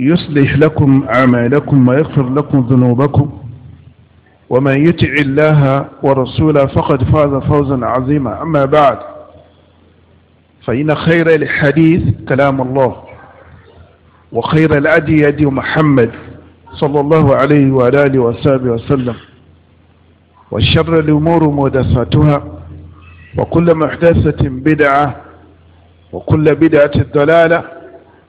يصلح لكم أعمالكم ويغفر لكم ذنوبكم ومن يطع الله ورسوله فقد فاز فوزا عظيما أما بعد فإن خير الحديث كلام الله وخير الأدي يدي محمد صلى الله عليه وآله وصحبه وسلم وشر الأمور محدثاتها وكل محدثة بدعة وكل بدعة ضلالة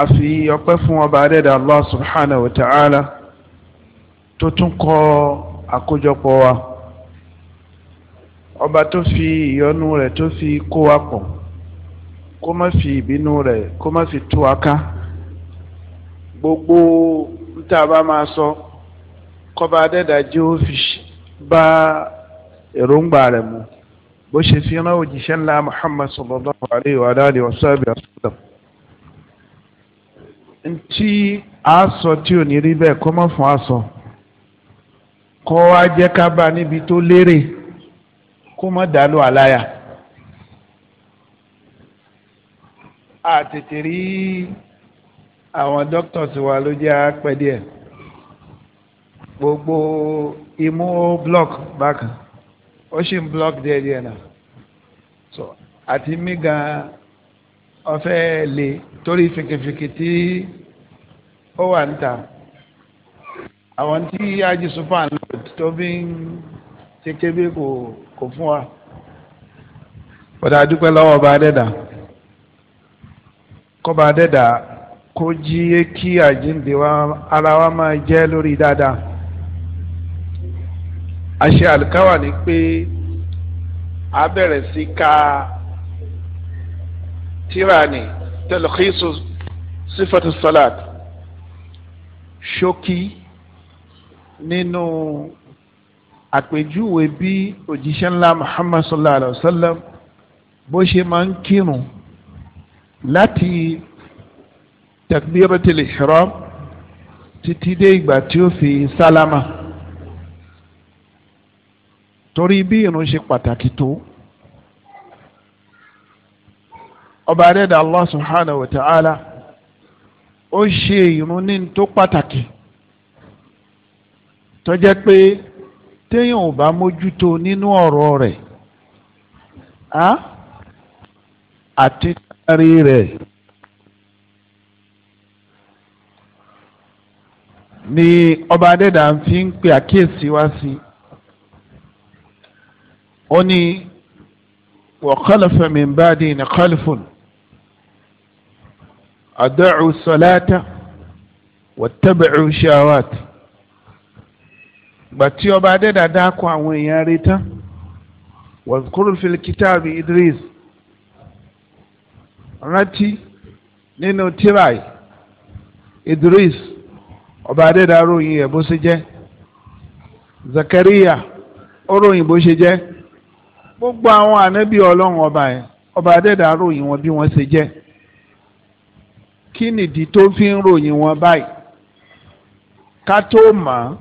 a fi ọpẹ́ fún ọba adẹ́dà allah subhanahu wa ta'ala tó tún kọ àkójọpọ̀ wa ọba tó fi ìyọ́nú rẹ̀ tó fi kó wa pọ̀ kó má fi ìbínú rẹ̀ kó má fi tú wa ká gbogbo níta bá máa sọ kọba adẹ́dà jẹ́ ó bá èròǹgbà rẹ̀ mu bó ṣe fi rán òjíṣẹ́ ńlá muhammad sallallahu alayhi wa alihi wa sallam ntí aṣọ tí ò ní rí bẹ́ẹ̀ kọ́ mọ́ fún aṣọ kọ́ wa jẹ́ ká bá níbi tó lérè kó mọ́ dàlú àláyà. a tètè rí àwọn doctors wa ló jẹ́ apẹ́ díẹ̀ gbogbo imú block bákan ó sì ń block díẹ̀ díẹ̀ náà àti mí gan-an ọ̀fẹ́ le torí fèkèfèkè tí ó wà níta àwọn tí ají super lord tó bí ń ṣe kébé kò kò fún wa bọ̀dà dúpẹ́ lọ́wọ́ ọba adẹ́dà kọ́ba adẹ́dà kó jí kí àjíǹde wa ara wa máa jẹ́ lórí dáadáa àṣẹ àlùkáwà ni pé a bẹ̀rẹ̀ sí ká tíra ni tẹlifíṣù sífẹ̀tì salat ṣókí nínú àpèjúwe bí òjíṣẹ́ ńlá muhammad sallallahu alayhi wa sallam bó ṣe máa ń kírun láti takbiratul ihram títí dé ìgbà tí ó fi sálámà torí bí irun ṣe pàtàkì tó. ọba adẹ́dà allah subhanahu wa ta'ala ó ṣe ìrun ní tó pàtàkì tó jẹ́ pé téèyàn ò bá mójútó nínú ọ̀rọ̀ rẹ̀ àti tari rẹ̀ ni ọba adẹ́dà fi ń pe àkíyèsí wá sí ó ní wa khalafa min ba'di khalfun. أدعوا الصلاة واتبعوا الشهوات gbàtí ọba adẹ́dà dákọ àwọn èèyàn rẹ̀ tán Idris rántí nínú tíráì Idris ọba adẹ́dà ròyìn ẹ̀ bó ṣe Zakariya gbogbo àwọn ànábì ọlọ́run ọba yẹn ọba adẹ́dà ròyìn wọn bí ṣe jẹ́. kí nìdí tó fi ń ròyìn wọn báyìí ká tó mọ̀ ọ́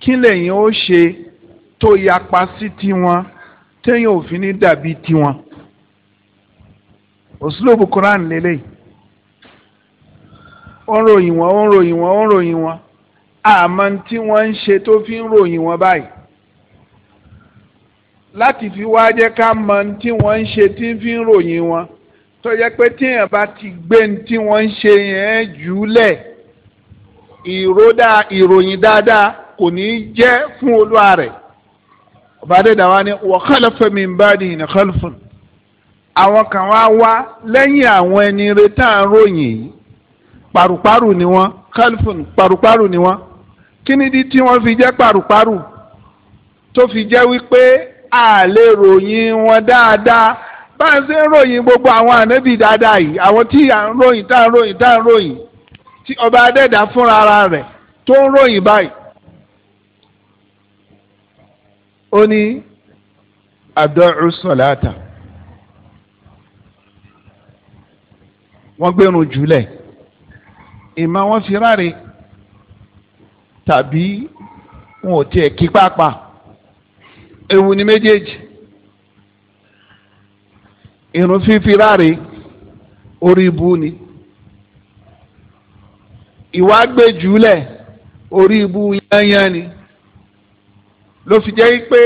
kí lẹ́yìn ó ṣe tó yapa sí tiwọn téèyàn ò fi ní dàbí tiwọn òsúlòbù koran lélẹ̀ ó ń ròyìn wọn ó ń ròyìn wọn ó ń ròyìn wọn àmọ́ tí wọ́n ń ṣe tó fi ń ròyìn wọn báyìí láti fi wá jẹ́ ká mọ̀ tí wọ́n ń ṣe tí ń fi ń ròyìn wọn tó yẹ pé tíyàn bá ti gbé tí wọ́n ń ṣe yẹn jùlẹ̀ ìròdà ìròyìn dáadáa kò ní í jẹ́ fún olúwa rẹ̀ ọba adéda wa ni wa khalafa min ba'dihim khalfun àwọn kan wá wá lẹ́yìn àwọn ẹni retá ròyìn yìí paruparu ni wọ́n khalfun paruparu ni wọ́n kí nìdí tí wọ́n fi jẹ́ paruparu tó fi jẹ́ wípé a ròyìn wọn dáadáa bá a ṣe ń ròyìn gbogbo àwọn ànábì dáadáa yìí àwọn tí à ń ròyìn tá à ń ròyìn tá à ń ròyìn tí ọba adẹ́dà fúnra ara rẹ̀ tó ń ròyìn báyìí. ó ní adọ́rù sọ̀láàtà wọ́n gbẹ́rùn jùlẹ̀ ìmọ̀ wọn fi ráre tàbí wọn ò tiẹ̀ kí pápá ewu ni méjèèjì irun fífi ráre orí ibu ni ìwà gbẹjúlẹ̀ orí ibu yányán ni ló fi jẹ́ pé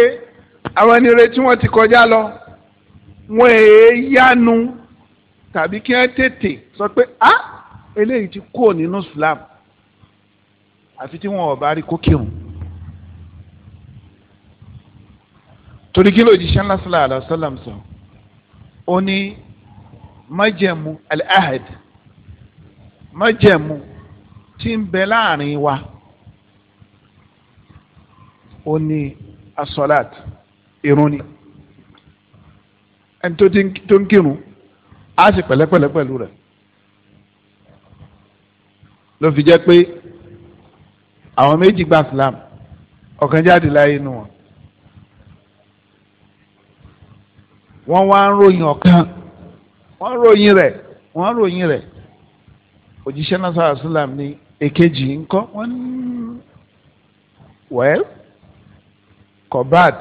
àwọn ẹni rẹ tí wọ́n ti kọjá lọ wọ́n èé yánu tàbí kí wọ́n tètè sọ pé a eléyìí ti kó nínú Islam àfi tí wọn ò bá rí kó torí kí ló jíṣẹ́ ńlá sallallahu sọ ó ní májẹ̀mú al-ahad májẹ̀mú tí ń bẹ láàrin wa ó ní asọ́láàt irun ni ẹni tó ń kírun á sì pẹ̀lẹ́pẹ̀lẹ́ pẹ̀lú rẹ̀ ló fi jẹ́ gba Islam ọ̀kan jáde láyé inú wọn wọ́n wá ń ròyìn ọ̀kan wọ́n ròyìn rẹ̀ wọ́n ròyìn rẹ̀ òjíṣẹ́ náà sọ̀rọ̀ sílám ní èkejì wọ́n ní wẹ́ẹ́ kọ̀báàd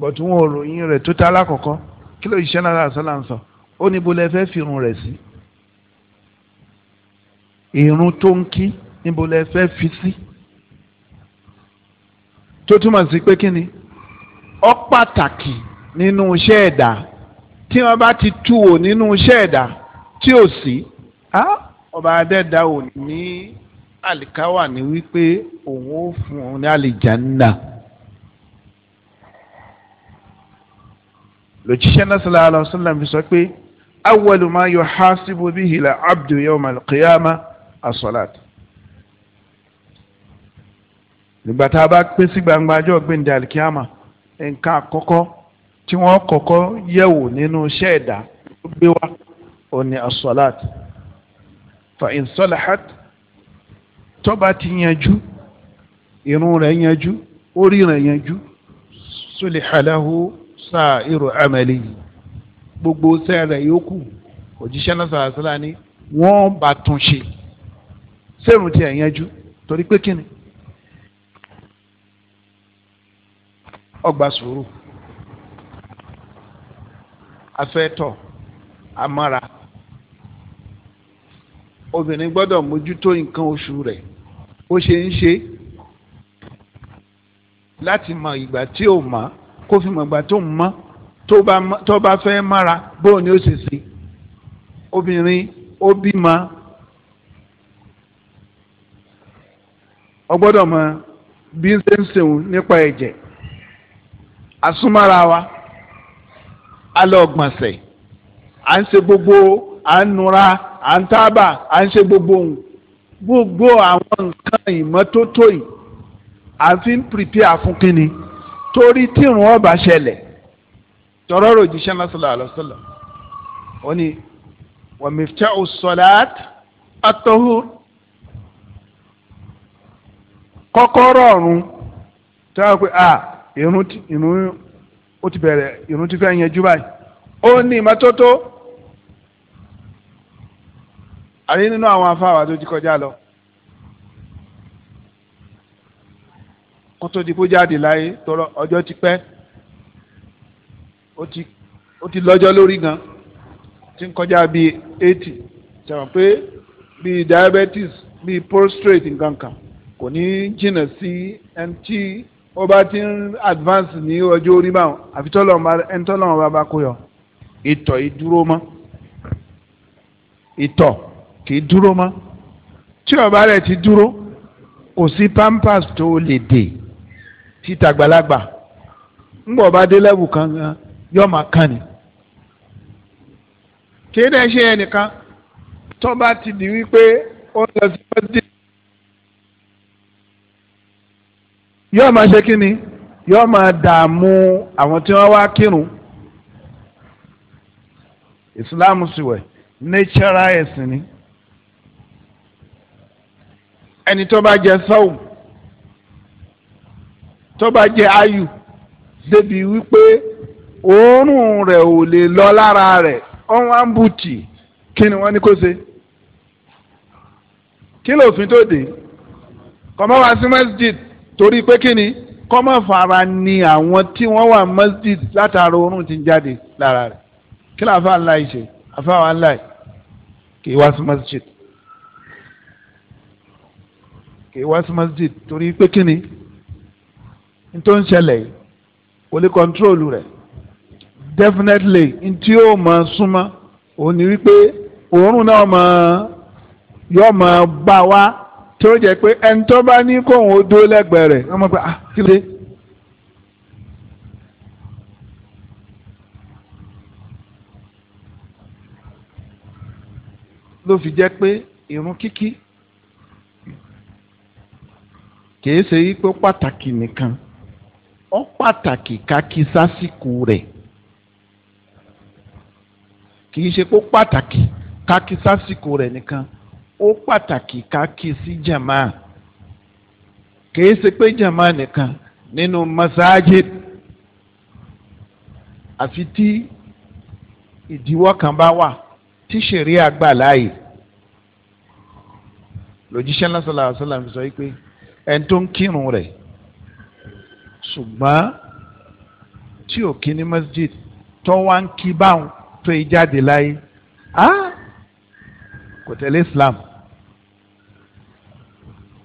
bọ̀t wọn ròyìn rẹ̀ tó tá alákọ̀ọ́kọ́ kí ló òjíṣẹ́ náà sọ̀rọ̀ sílám sọ ó ní bo lẹ fẹ́ fi irun rẹ̀ sí irun tó ń kí lẹ fi sí tó túmọ̀ sí pé kí ni pàtàkì. nínú iṣẹ́ ẹ̀dá tí wọ́n bá ti tú wò nínú iṣẹ́ ẹ̀dá tí ò sí ọba adẹ́dá ò ní àlìkáwà ní wípé òun ó fún un ní àlìjánná. lòjíṣẹ́ náà sallallahu alaihi wasallam fi sọ pé awwalu ma yuhasibu bihi al-abdu yawma al-qiyama as nígbà tá a bá pín sí gbangba ọjọ́ gbẹ̀ǹdẹ̀ àlìkíyàmà nǹkan àkọ́kọ́ tí wọ́n kọ́kọ́ yẹ̀wò nínú iṣẹ́ ẹ̀dá tó gbé wá òní asọ́láàtì fa insalahat tó bá ti yanjú irun rẹ̀ yanjú orí rẹ̀ yanjú sulihalahu sa'iru amali gbogbo sẹ́rẹ̀ yòókù òjíṣẹ́ náà sàrásílà ni wọ́n bá tún ṣe sẹ́rùn tí ẹ̀ yanjú torí pé kíni ọgbà sùúrù afẹ́tọ̀ amára obìnrin gbọ́dọ̀ mójútó nǹkan oṣù rẹ̀ ó ṣe ń ṣe láti mọ ìgbà tí ò mọ́ kó fi mọ ìgbà tó ń mọ́ tó bá fẹ́ mára bóun ni ó ṣe ṣe obìnrin ó bímọ ó mọ bí ń ṣe ń ṣeun nípa ẹ̀jẹ̀ àsúnmára wa alọ́gbọ̀nsẹ̀ à ń ṣe gbogbo à ń nura à ń tábà à ń ṣe gbogbo ohun gbogbo àwọn nǹkan ìmọ́tótó yìí à fi ń prepare fún kínni torí tírun ọba ṣẹlẹ̀ tọrọ ròjíṣẹ́ náà sallallahu alaihi wasallam ó ní wa mifta'u salat at kọ́kọ́rọ́ ọ̀run tí wọ́n pe ah irun irun ó ti bẹ̀rẹ̀ irun ti fẹ́ yanjú báyìí ó ní ìmọ́tótó àrí nínú àwọn afáwà tó ti kọjá lọ kó tó di kó jáde láyé tọrọ ọjọ́ ti pẹ́ ó ti lọ́jọ́ lórí gan ti ń kọjá bíi eighty sọ̀rọ̀ pé bíi diabetes bíi prostrate nǹkan kan kò ní jìnnà sí ẹni tí ó bá ti ń advance ní ọjọ́ orí báwọn àfi tọ́lọ́wọ́n bá bá kó yọ ìtọ̀ ìdúró mọ́ ìtọ̀ kì í dúró mọ́ tí ọba rẹ̀ ti dúró kò sí pampers tó lè dè títa gbalagbà ńgbọ̀ bá dé lẹ́wù kan yóò máa kàn ní. kéde ṣe ẹnìkan tó bá ti di wípé ó lọ sí pọ́sítì yóò máa ṣe kíni yóò máa dààmú àwọn tí wọ́n wá kírun ìsìláàmù sì wẹ̀ natural ẹ̀sìn ni ẹni tó bá jẹ sọ́wọ́ tó bá jẹ ayù débi wípé òórùn rẹ̀ ò lè lọ lára rẹ̀ ọ̀hún àǹbùtì kí ni wọ́n ní kó ṣe kí lófin tó dé kọ́mọ́ wá sí masjid torí pé kí ni kọ́mọ̀ fara ni àwọn tí wọ́n wà masjid látara oorun ti jáde lára rẹ̀ kí ló àfa ńlá yìí ṣe àfa wa ńlá yìí kì í wá sí masjid kì í wá sí masjid torí pé kí ni n tó ń ṣẹlẹ̀ yìí kò lè kọ́ńtrólù rẹ̀ definitely n tí yóò máa súnmọ́ òun ni wípé oorun náà máa yóò máa bá wa. tó jẹ pé ẹni tó bá ní kóun ó dúró lẹ́gbẹ̀ẹ́ rẹ̀ wọ́n mọ̀ pé ah kí ló ló fi jẹ pé irun kíkí kìí ṣe wípé pàtàkì nìkan ó pàtàkì kákí sásìkò rẹ̀ kìí ṣe pé pàtàkì kákí sásìkò rẹ̀ nìkan ó pàtàkì ká kí sí jama kìí ṣe pé jama nìkan nínú masajid àfi tí ìdíwọ́ kan bá wà tí ṣẹ̀ríà gbà láàyè lòjíṣẹ́ lásàlá àṣàlá fi sọ pé ẹni tó ń kírun rẹ̀ ṣùgbọ́n tí ò kí ní masjid tó wá ń kí báwọn tó yí jáde láyé kò tẹ̀lé Islam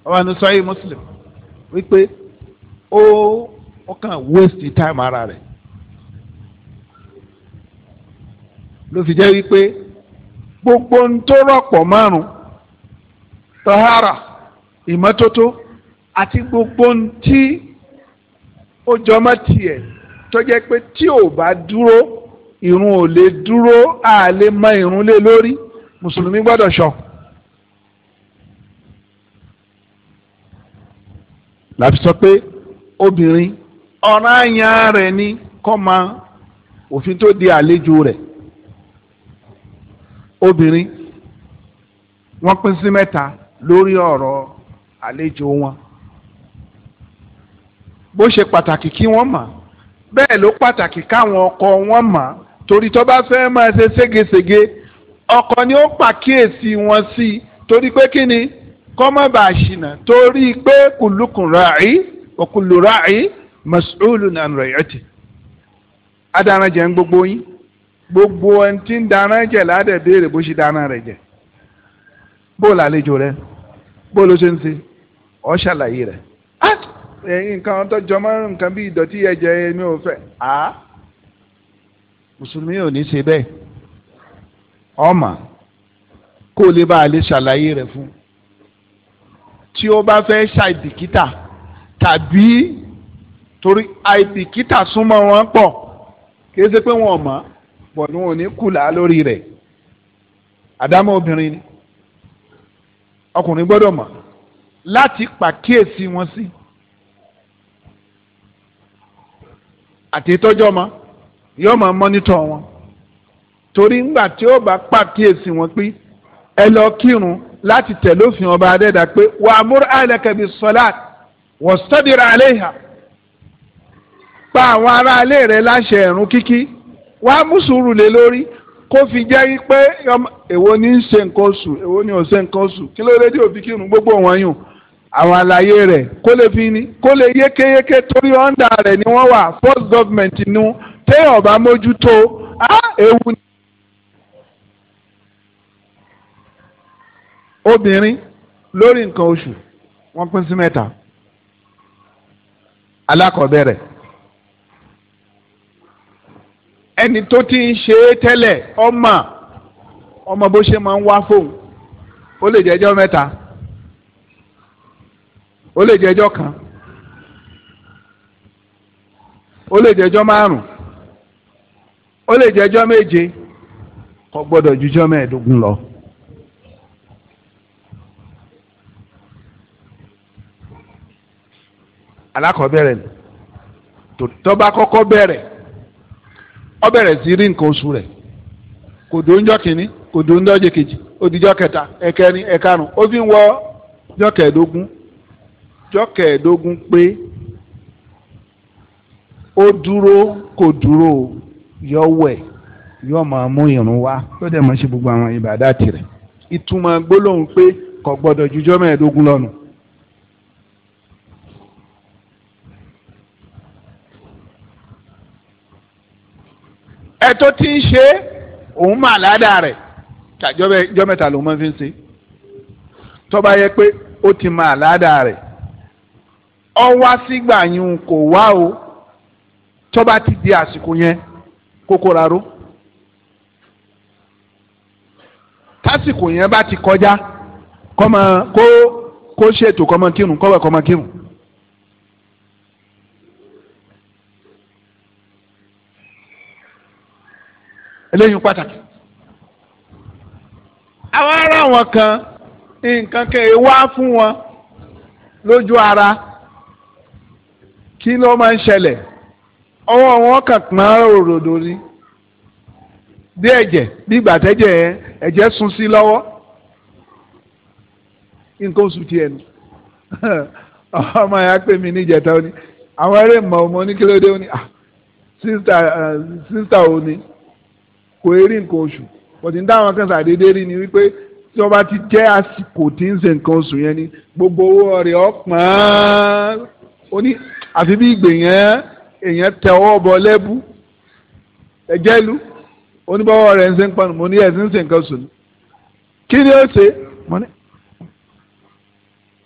ọba ní sọ́yìn muslim wípé ó ó kàn waste time ara rẹ̀ ló fi jẹ́ wípé gbogbo ń tó rọ̀pọ̀ márùn tahara ìmọ́tótó àti gbogbo ń tí ó jọmọ́ tiẹ̀ tó jẹ́ pé tí ò bá dúró irun ò lè dúró a mọ irun lé lórí mùsùlùmí gbọ́dọ̀ ṣọ́. láti sọ pé obìnrin ọ̀ranyàn rẹ̀ ni kó máa òfin tó di àlejò rẹ̀ obìnrin wọ́n pín sí mẹ́ta lórí ọ̀rọ̀ àlejò wọn bó ṣe pàtàkì kí wọ́n mọ̀ bẹ́ẹ̀ ló pàtàkì káwọn ọkọ wọn mọ̀ torí tó bá fẹ́ máa ṣe ségesège ọkọ ni ó pàkíyèsí wọn sí torí pé kí ni. kọ́mọ́bà ṣìnà torí pé kùlùkùn ràì òkùlù ràì mas'ulu nà rẹ̀yẹ̀tì. adarán jẹ́ ń gbogbo yín gbogbo ẹni tí ń darán jẹ̀ ládẹ̀ béèrè bó ṣe darán rẹ̀ jẹ̀ bóòlù àlejò rẹ̀ bóòlù ṣe ń ṣe ọ́ ṣàlàyé rẹ̀ ẹ̀yin nǹkan tó jọmọ́ nǹkan bí ìdọ̀tí ẹ̀jẹ̀ mi ò mùsùlùmí ò ní ṣe bẹ́ẹ̀ ọmọ kó o lè bá a lè ṣàlàyé fún un. tí ó bá fẹ́ ṣàìbìkítà tàbí torí àìbìkítà súnmọ́ wọn pọ̀ kìí ṣe pé wọn ò mọ̀ bọ̀ ni wọn ní kùlà lórí rẹ̀ àdámọ́ obìnrin ni ọkùnrin gbọ́dọ̀ mọ̀ láti pàkíyèsí wọn sí àti ìtọ́jú ọmọ yóò máa mọ́nítọ̀ wọn torí ńgbà tí ó bá pàkíyèsí wọn pé ẹ lọ kírun láti tẹ̀lé òfin ọba adẹ́dà pé wà á múra àlẹ́kẹ̀ bíi sọ́láàt wọ́n sọ́dìrà àléhà pa àwọn ará ilé rẹ̀ láṣẹ ẹ̀rún kíkí wà á mú sùúrù lé lórí kó fi jẹ́ pé èwo ni ń ṣe nǹkan oṣù èwo ni ò ṣe nǹkan oṣù kí ló lè dé òbí kírun gbogbo wọn yùn àwọn àlàyé rẹ̀ kó lè fi ní kó lè yékéyéké torí ọ̀ǹda rẹ̀ ni wọ́n wà first government nu téèyàn bá mójútó á ewu ni obìnrin lórí nǹkan oṣù wọn pín sí mẹ́ta alákọ̀ọ́bẹ̀rẹ̀ ẹni tó ti ń ṣe é tẹ́lẹ̀ ọmọ ọmọ bó ṣe máa ń wá fóun ó lè jẹ́jọ́ mẹ́ta ó lè jẹ́jọ́ kan ó lè jẹ́jọ́ márùn ó lè jẹ́jọ́ méje kò gbọ́dọ̀ mẹ́ẹ̀ẹ́dógún lọ. alakọbẹrẹ ni tọ́ba kọ́kọ́ bẹ̀rẹ̀ ó bẹ̀rẹ̀ sí rí nǹkan oṣù rẹ̀ kò dó ńjọ́ kìíní kò dó ńjọ́ kejì ó di kẹta ẹ̀kẹrin ẹ̀karùn ó wọ pé ó dúró kò dúró yọ wẹ̀ yọ máa mú irun wá ló dẹ̀ máa ṣe gbogbo ẹ tó ti ń ṣe òun mà ládàá rẹ̀ jọ́ mẹ́ta ló máa fi ń ṣe tó bá yẹ pé ó ti mà ládàá rẹ̀ ọ wá sígbà yìí kò wá o tó ti di àsìkò yẹn kókó tásìkò yẹn bá ti kọjá kọ́mọ kó kó ṣètò kọ́mọ kírun kọ́wẹ̀ kọ́mọ kírun. eléyìí pàtàkì. àwọn ará wọn kan nǹkan kan wá fún wọn lójú ara kí ló máa ń ṣẹlẹ̀ ọwọ́ wọn kàn pọ́n òròdò ni bí ẹ̀jẹ̀ bí ìgbà tẹ́jẹ̀ ẹ̀jẹ̀ sun sí lọ́wọ́ nǹkan oṣù tiẹ̀ ya pè mi níjẹta ó ní àwọn eré mọ̀ ọmọ oníkílódé ó ní ah, eh, kò erí nǹkan oṣù bọ̀dì ń dáhùn kan ṣàdédé rí ni wípé tí wọ́n bá ti jẹ́ àsìkò tí ń ṣe nǹkan oṣù yẹn ni gbogbo owó rẹ̀ ọ̀pọ̀n ó ní àfi bí ìgbè yẹn èèyàn tẹ ọwọ́ bọ lẹ́bù ẹ̀jẹ̀ lu oníbọ̀wọ́ rẹ̀ ń ṣe ń panu mo ní ẹ̀sìn ń ṣe nǹkan oṣù ni kí ni ó ṣe mo ní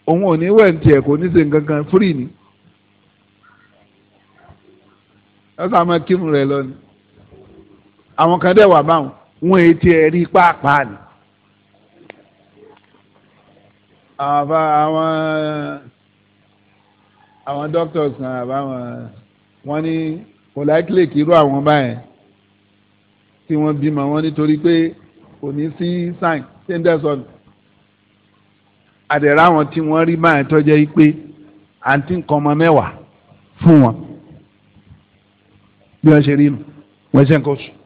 òun ò ní wẹ̀ ní tiẹ̀ kò ní ṣe nǹkan kan fúrì ni ẹ sá máa kírun rẹ̀ lọ àwọn kan dẹ̀ wà báwọn wọn etí ẹ̀ rí pàápàá ni. àwọn àwọn doctors kan àbáwọn wọn ní kò láìkílè kírú àwọn báyẹn tí wọ́n bímọ wọn nítorí pé kò ní sí sign tenderson àdẹ̀rẹ̀ àwọn tí wọ́n rí báyẹn tọ́jẹ́ pé àǹtí nǹkan ọmọ mẹ́wàá fún wọn bí wọ́n ṣe rí nu wọ́n ṣe ń kó sùn.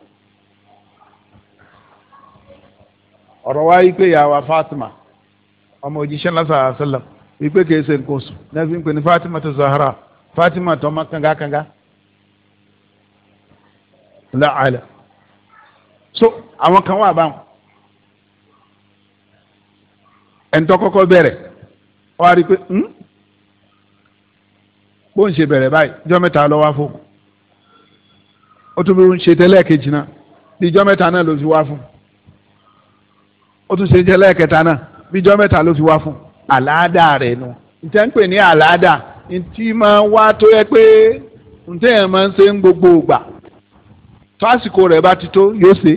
ọ̀rọ̀ wa yìí pé ìyàwó Fatima ọmọ òjíṣẹ́ lásàá àṣẹlẹ̀ wípé kìí ṣe nǹkan oṣù náà fi ní Fatima tó zahara. Fatima tó kanga, kangakanga láàlẹ so àwọn kan wà báwọn ẹnitọ́ kọ́kọ́ bẹ̀rẹ̀ ọ wá rí i pé hmm? bó ń ṣe bẹ̀rẹ̀ báyìí jọ́ mẹ́ta lọ wá fún ó tún bí ń ṣe tẹ́lẹ̀ kejì náà bí mẹ́ta náà ló fi wá fún un ó tún ṣe jẹ́ lẹ́ẹ̀kẹta náà bíjọ́ mẹ́ta ló fi wá fún àláàdà rẹ̀ nu ìtẹ́ ń pè ní àláàdà ìtì máa wá tó yẹ pé ǹtẹ́ yẹn máa ń ṣe ń gbogbo ògbà tásìkò rẹ̀ bá ti tó yóò ṣe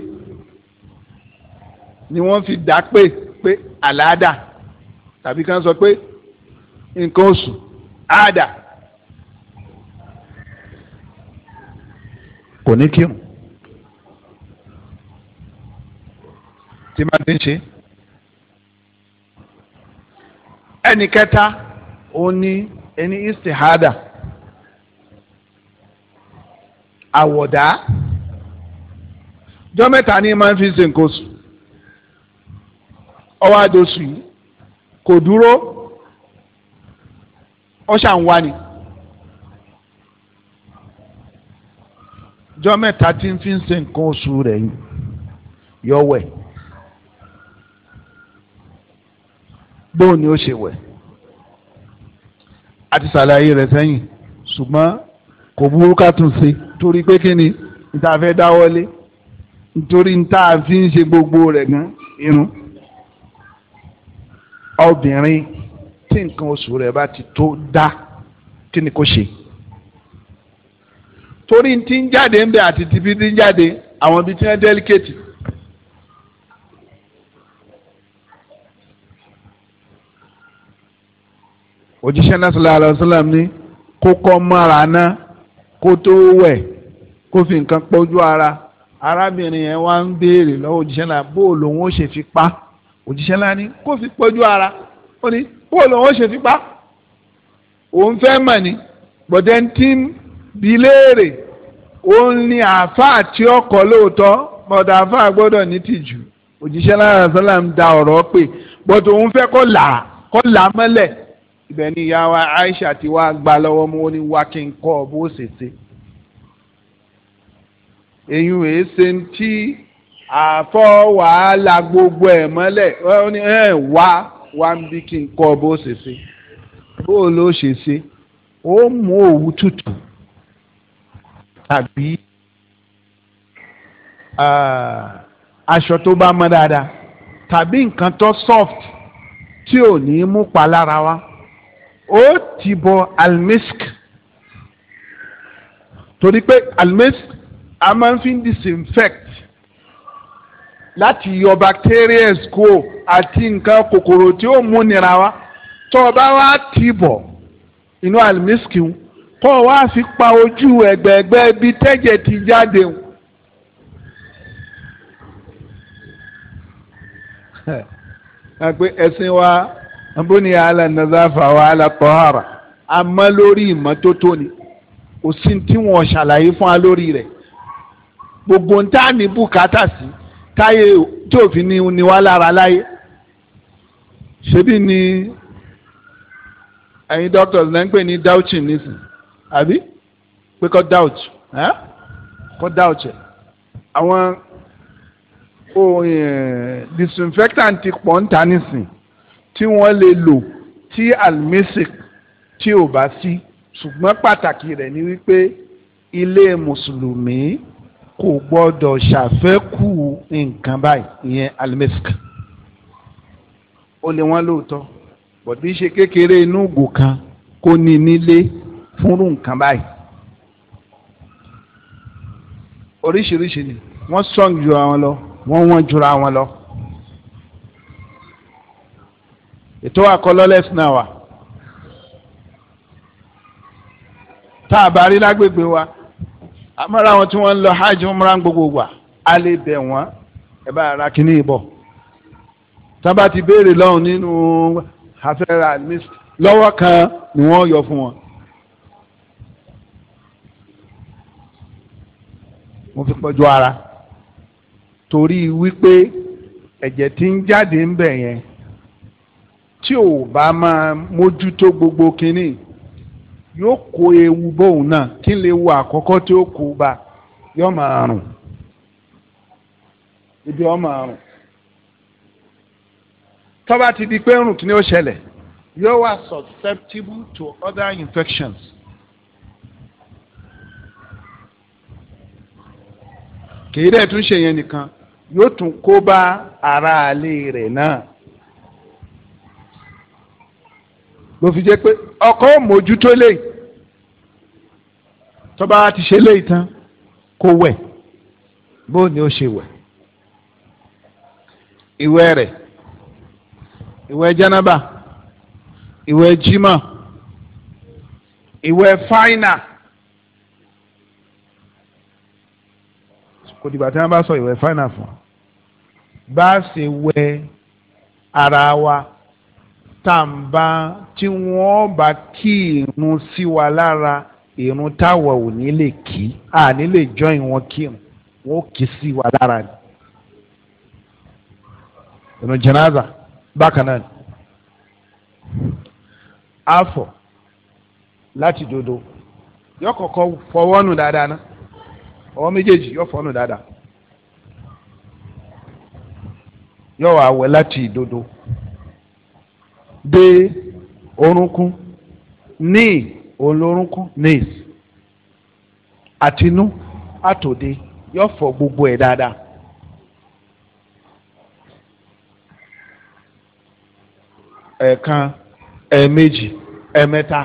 ni wọ́n fi dá pé pé àláàdà tàbí kan sọ pé nǹkan oṣù àdà kò ní kírun. tí máa ti ń ṣe. ẹnì kẹta ní ẹni istihada àwọ̀dá jọ́ mẹ́ta ní máa ń fi ṣe nǹkan oṣù ọwọ́ àdóṣù yìí kò dúró ọ̀ṣà ń wá ni. mẹ́ta fi ṣe nǹkan oṣù rẹ̀ bóun ni ó ṣe wẹ̀ àti ṣàlàyé rẹ̀ sẹ́yìn ṣùgbọ́n kò burú ká tún ṣe torí pé kí ni níta fẹ́ dáwọ́lé nítorí níta fi ń ṣe gbogbo rẹ̀ gan irun obìnrin tí nǹkan oṣù rẹ̀ bá ti tó dá kí ni kò ṣe torí ti ń jáde ń bẹ àti ti ti ń jáde àwọn ibi tí wọ́n dẹ́líkètì òjíṣẹ́ náà sallallahu alaihi wasallam ní kó kọ́ mọ́ra náà kó tó wẹ̀ kó fi nǹkan pọ́jú ara arábìnrin yẹn wá ń béèrè lọ́wọ́ òjíṣẹ́ náà bó lòun ó ṣe fi pa òjíṣẹ́ náà ní kó fi pọ́jú ara ó ní bó lòun ó ṣe fi pa òun fẹ́ mọ̀ ni bọ̀dẹ́ntì bí léèrè òun ni àáfàá tí ọkọ̀ lóòótọ́ bọ̀dà àáfàá gbọ́dọ̀ ní tìjú òjíṣẹ́ náà sallallahu da ọ̀rọ̀ pé bọ̀dọ̀ òun fẹ́ kọ́ là kọ́ là mọ́lẹ̀ ibẹ̀ ni ìyá wa Aisha ti wá gbà lọ́wọ́ mú ó ní wá kí n kọ́ ọ bó ṣe ṣe èyí ẹ̀ ṣe ń tí àfọ́ wàhálà gbogbo ẹ̀ mọ́lẹ̀ ó ní ẹ̀ wá wá ń bí kí n kọ́ ọ bó ṣe ṣe bó ló ṣe ṣe ó mú òwú tútù tàbí aṣọ tó bá mọ́ dáadáa tàbí nǹkan tó soft tí ò ní mú pa lára wa ó ti bọ almisk torí pé almisk a máa ń fi disinfect láti yọ bacteria kó àti nǹkan kòkòrò tí ó mú nira wa tó o bá wá ti bọ̀ inú almisk ń kó o wá fi pa ojú ẹ̀gbẹ̀ẹ̀gbẹ́ bí tẹ́jẹ̀ ti jáde ń. ẹ ẹ̀sìn wa bóni ala nazafa wa ala tọ́hara àmọ́ lórí ìmọ́tótó ni kò sí tí wọ́n ṣàlàyé fún wa lórí rẹ̀ gbogbo ń tá ní bùkátà sí táyé tí òfin ni ni wá lára láyé ṣebí ni ẹ̀yin doctors náà ń pè ní dauchin nísìn àbí pé kọ́ dauch kọ́ dauch ẹ̀ àwọn oh, eh, disinfectant ti pọ̀ ń ta nísìn tí wọ́n lè lò tí almisik tí ò bá sí ṣùgbọ́n pàtàkì rẹ̀ ni wípé ilé mùsùlùmí kò gbọ́dọ̀ ṣàfẹ́kù nǹkan báyìí ìyẹn almisik ó lè wọ́n lóòótọ́ bọ̀dí ṣe kékeré inú ògùn kan kó ní nílé fúnrú nǹkan báyìí oríṣiríṣi ni wọ́n sọ̀ǹ jura wọn lọ wọ́n wọ́n jura wọn lọ. ètò wa colorless náà wà tá a bá rí lágbègbè wa amára wọn tí wọ́n ń lọ hajj umra gbogbo wa a lè bẹ wọn ẹ bá ra kíní ìbọ̀ tábà ti béèrè lọ́hùn nínú afẹ́ra lọ́wọ́ kan ni wọ́n yọ fún wọn. mo fi pọ́jú ara torí wípé ẹ̀jẹ̀ tí ń jáde ń bẹ̀ yẹn tí ò bá máa mójútó gbogbo kínní yóò kó ewu bóun náà kí n lè wo àkọ́kọ́ tí ó kó bá yóò máa rùn ibi ó máa rùn tó ti di pé rùn kí ni ó ṣẹlẹ̀ yóò wá susceptible to other infections. kì í dẹ̀ tún ṣe yẹn nìkan yóò tún kó bá aráalé rẹ̀ náà. ló fi jẹ́ pé ọkọ mójútó lè tọ́ba ti ṣe léyìí tán kó wẹ̀ bó ni ó ṣe wẹ̀ ìwẹ̀ rẹ̀ ìwẹ̀ janaba ìwẹ̀ jimá ìwẹ̀ fáínà kò dìgbà tí wọ́n bá sọ ìwẹ̀ fáínà fún bá a ṣe wẹ̀ ara wa tàǹbà tí wọ́n bá kí irun sí wa lára irun táwa ò ní lè kí a ní lè join wọn kí irun wọn ò kí sí wa lára ni. irun jẹnáza bákan náà ni. afọ láti dodo yọ kọ́kọ́ fọwọ́ nù dáadáa ná ọwọ́ méjèèjì yọ fọwọ́ nù dáadáa yọ wà wẹ̀ láti dodo. De orúnkún ní olórúnkún nís àtinú àtòdé yóò fọ gbogbo ẹ̀ dáadáa. ẹ̀ẹ̀kan ẹ̀ẹ̀mejì ẹ̀ẹ̀mẹ́ta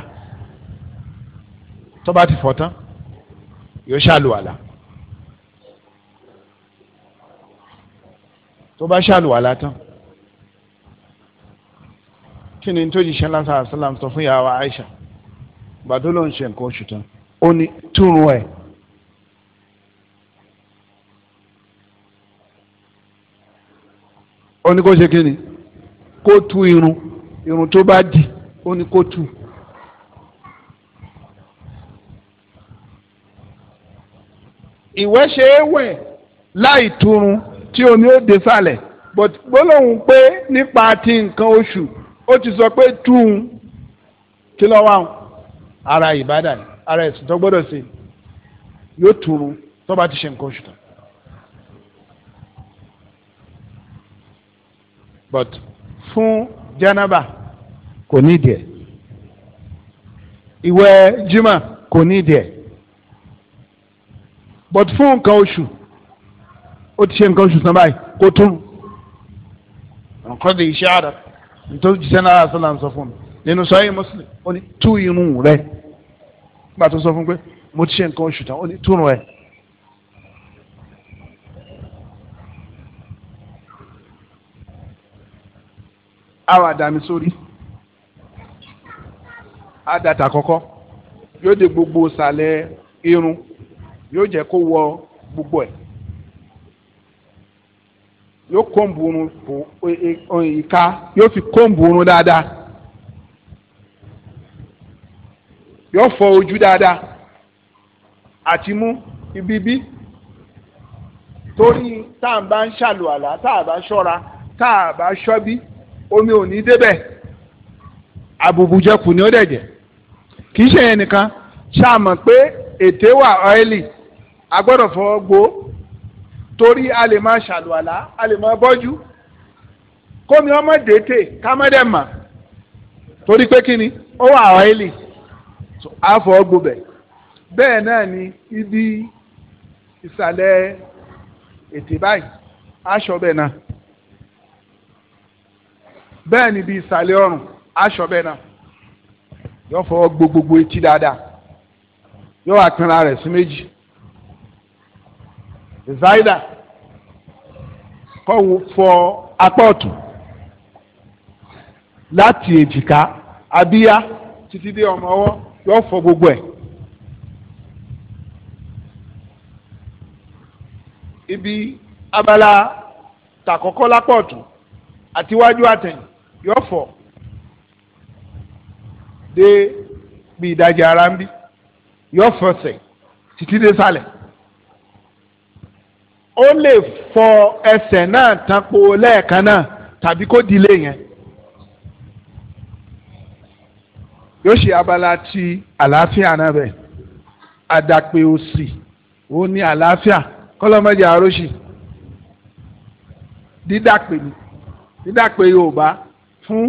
tó bá ti fọ tán yóò ṣàlùwàlà. tó bá ṣàlùwàlà tán kí ni tó jíṣẹ́ lásán àṣàlám sọ fún Aisha gbàdó ló ń ṣe nǹkan oṣù oni ó ní túrun ẹ̀. ó ní ni kó tu irun irun tó bá dì ó ní kó tu. ìwẹ́ ṣe é wẹ̀ láì túrun tí omi ó dé but gbólóhùn pé nípa ti nǹkan oṣù ó ti sọ pé túun kí lọ́ wà ara ìbádà ni ara ẹ̀sìn tó gbọ́dọ̀ sí yóò túru tó bá ti ṣe nǹkan oṣù tán. but fún janaba kò ní ìdíẹ̀ ìwẹ̀ jimá kò ní ìdíẹ̀ but fún nǹkan oṣù ó ti ṣe nǹkan oṣù tán báyìí kò túru nǹkan di iṣẹ́ àdàpọ̀ nítorí jíṣẹ́ náírà sọ́là ń sọ fún mi nínú sọ́yìn muslim ó ní tú irun rẹ̀ nígbà tó sọ fún pé mo ti ṣe nǹkan oṣù tán ó ní túrun rẹ̀. àwọn àdàmì sórí àdàtà kọ́kọ́ yóò de gbogbo sàlẹ̀ irun yóò jẹ́ kó wọ gbogbo ẹ̀. yóò kóńbù irun eh, eh, ìka yóò fi kóńbù irun dáadáa yóò fọ ojú dáadáa àti mú ibi bí torí tá à ń bá ń ṣàlùwàlá tá à bá ṣọ́ra tá à omi ò ní débẹ̀ àbùbùjẹkù ni ó dẹ̀ jẹ́ kì í ṣe yẹn nìkan ṣáà mọ̀ pé ètè torí a lè máa ṣàlùwàlá a lè máa bọ́jú kómi ọmọ dètè kámẹ́dẹ̀ mà torí pé kí ni ó wà ọ́ìlì àfọ̀ ọgbọ̀bẹ̀ bẹ́ẹ̀ náà ni ibi ìsàlẹ̀ ètè báyìí aṣọ bẹ́ẹ̀ náà bẹ́ẹ̀ ni ibi ìsàlẹ̀ ọrùn aṣọ bẹ́ẹ̀ náà yóò fọwọ́ gbogbogbò etí dáadáa yóò wá rẹ̀ sí méjì zaida kọ́ fọ apá ọ̀tún láti èjìká abíyá títí dé ọmọ ọwọ́ yóò fọ gbogbo ẹ̀. ibi abala tàkọ́kọ́ lápá ọ̀tún àti iwájú àtẹ̀yìn yóò fọ dé bí ìdajì ara ń bí yóò fọsẹ̀ títí dé sálẹ̀ ó lè fọ ẹsẹ̀ náà tanpo lẹ́ẹ̀kan náà tàbí kó di ilé yẹn yóò ṣe abala ti àlàáfíà náà bẹ̀ àdàpè òsì ó ní àlàáfíà kọ́lọ́mọdé àròṣì dídàpè ni dídàpè Yorùbá fún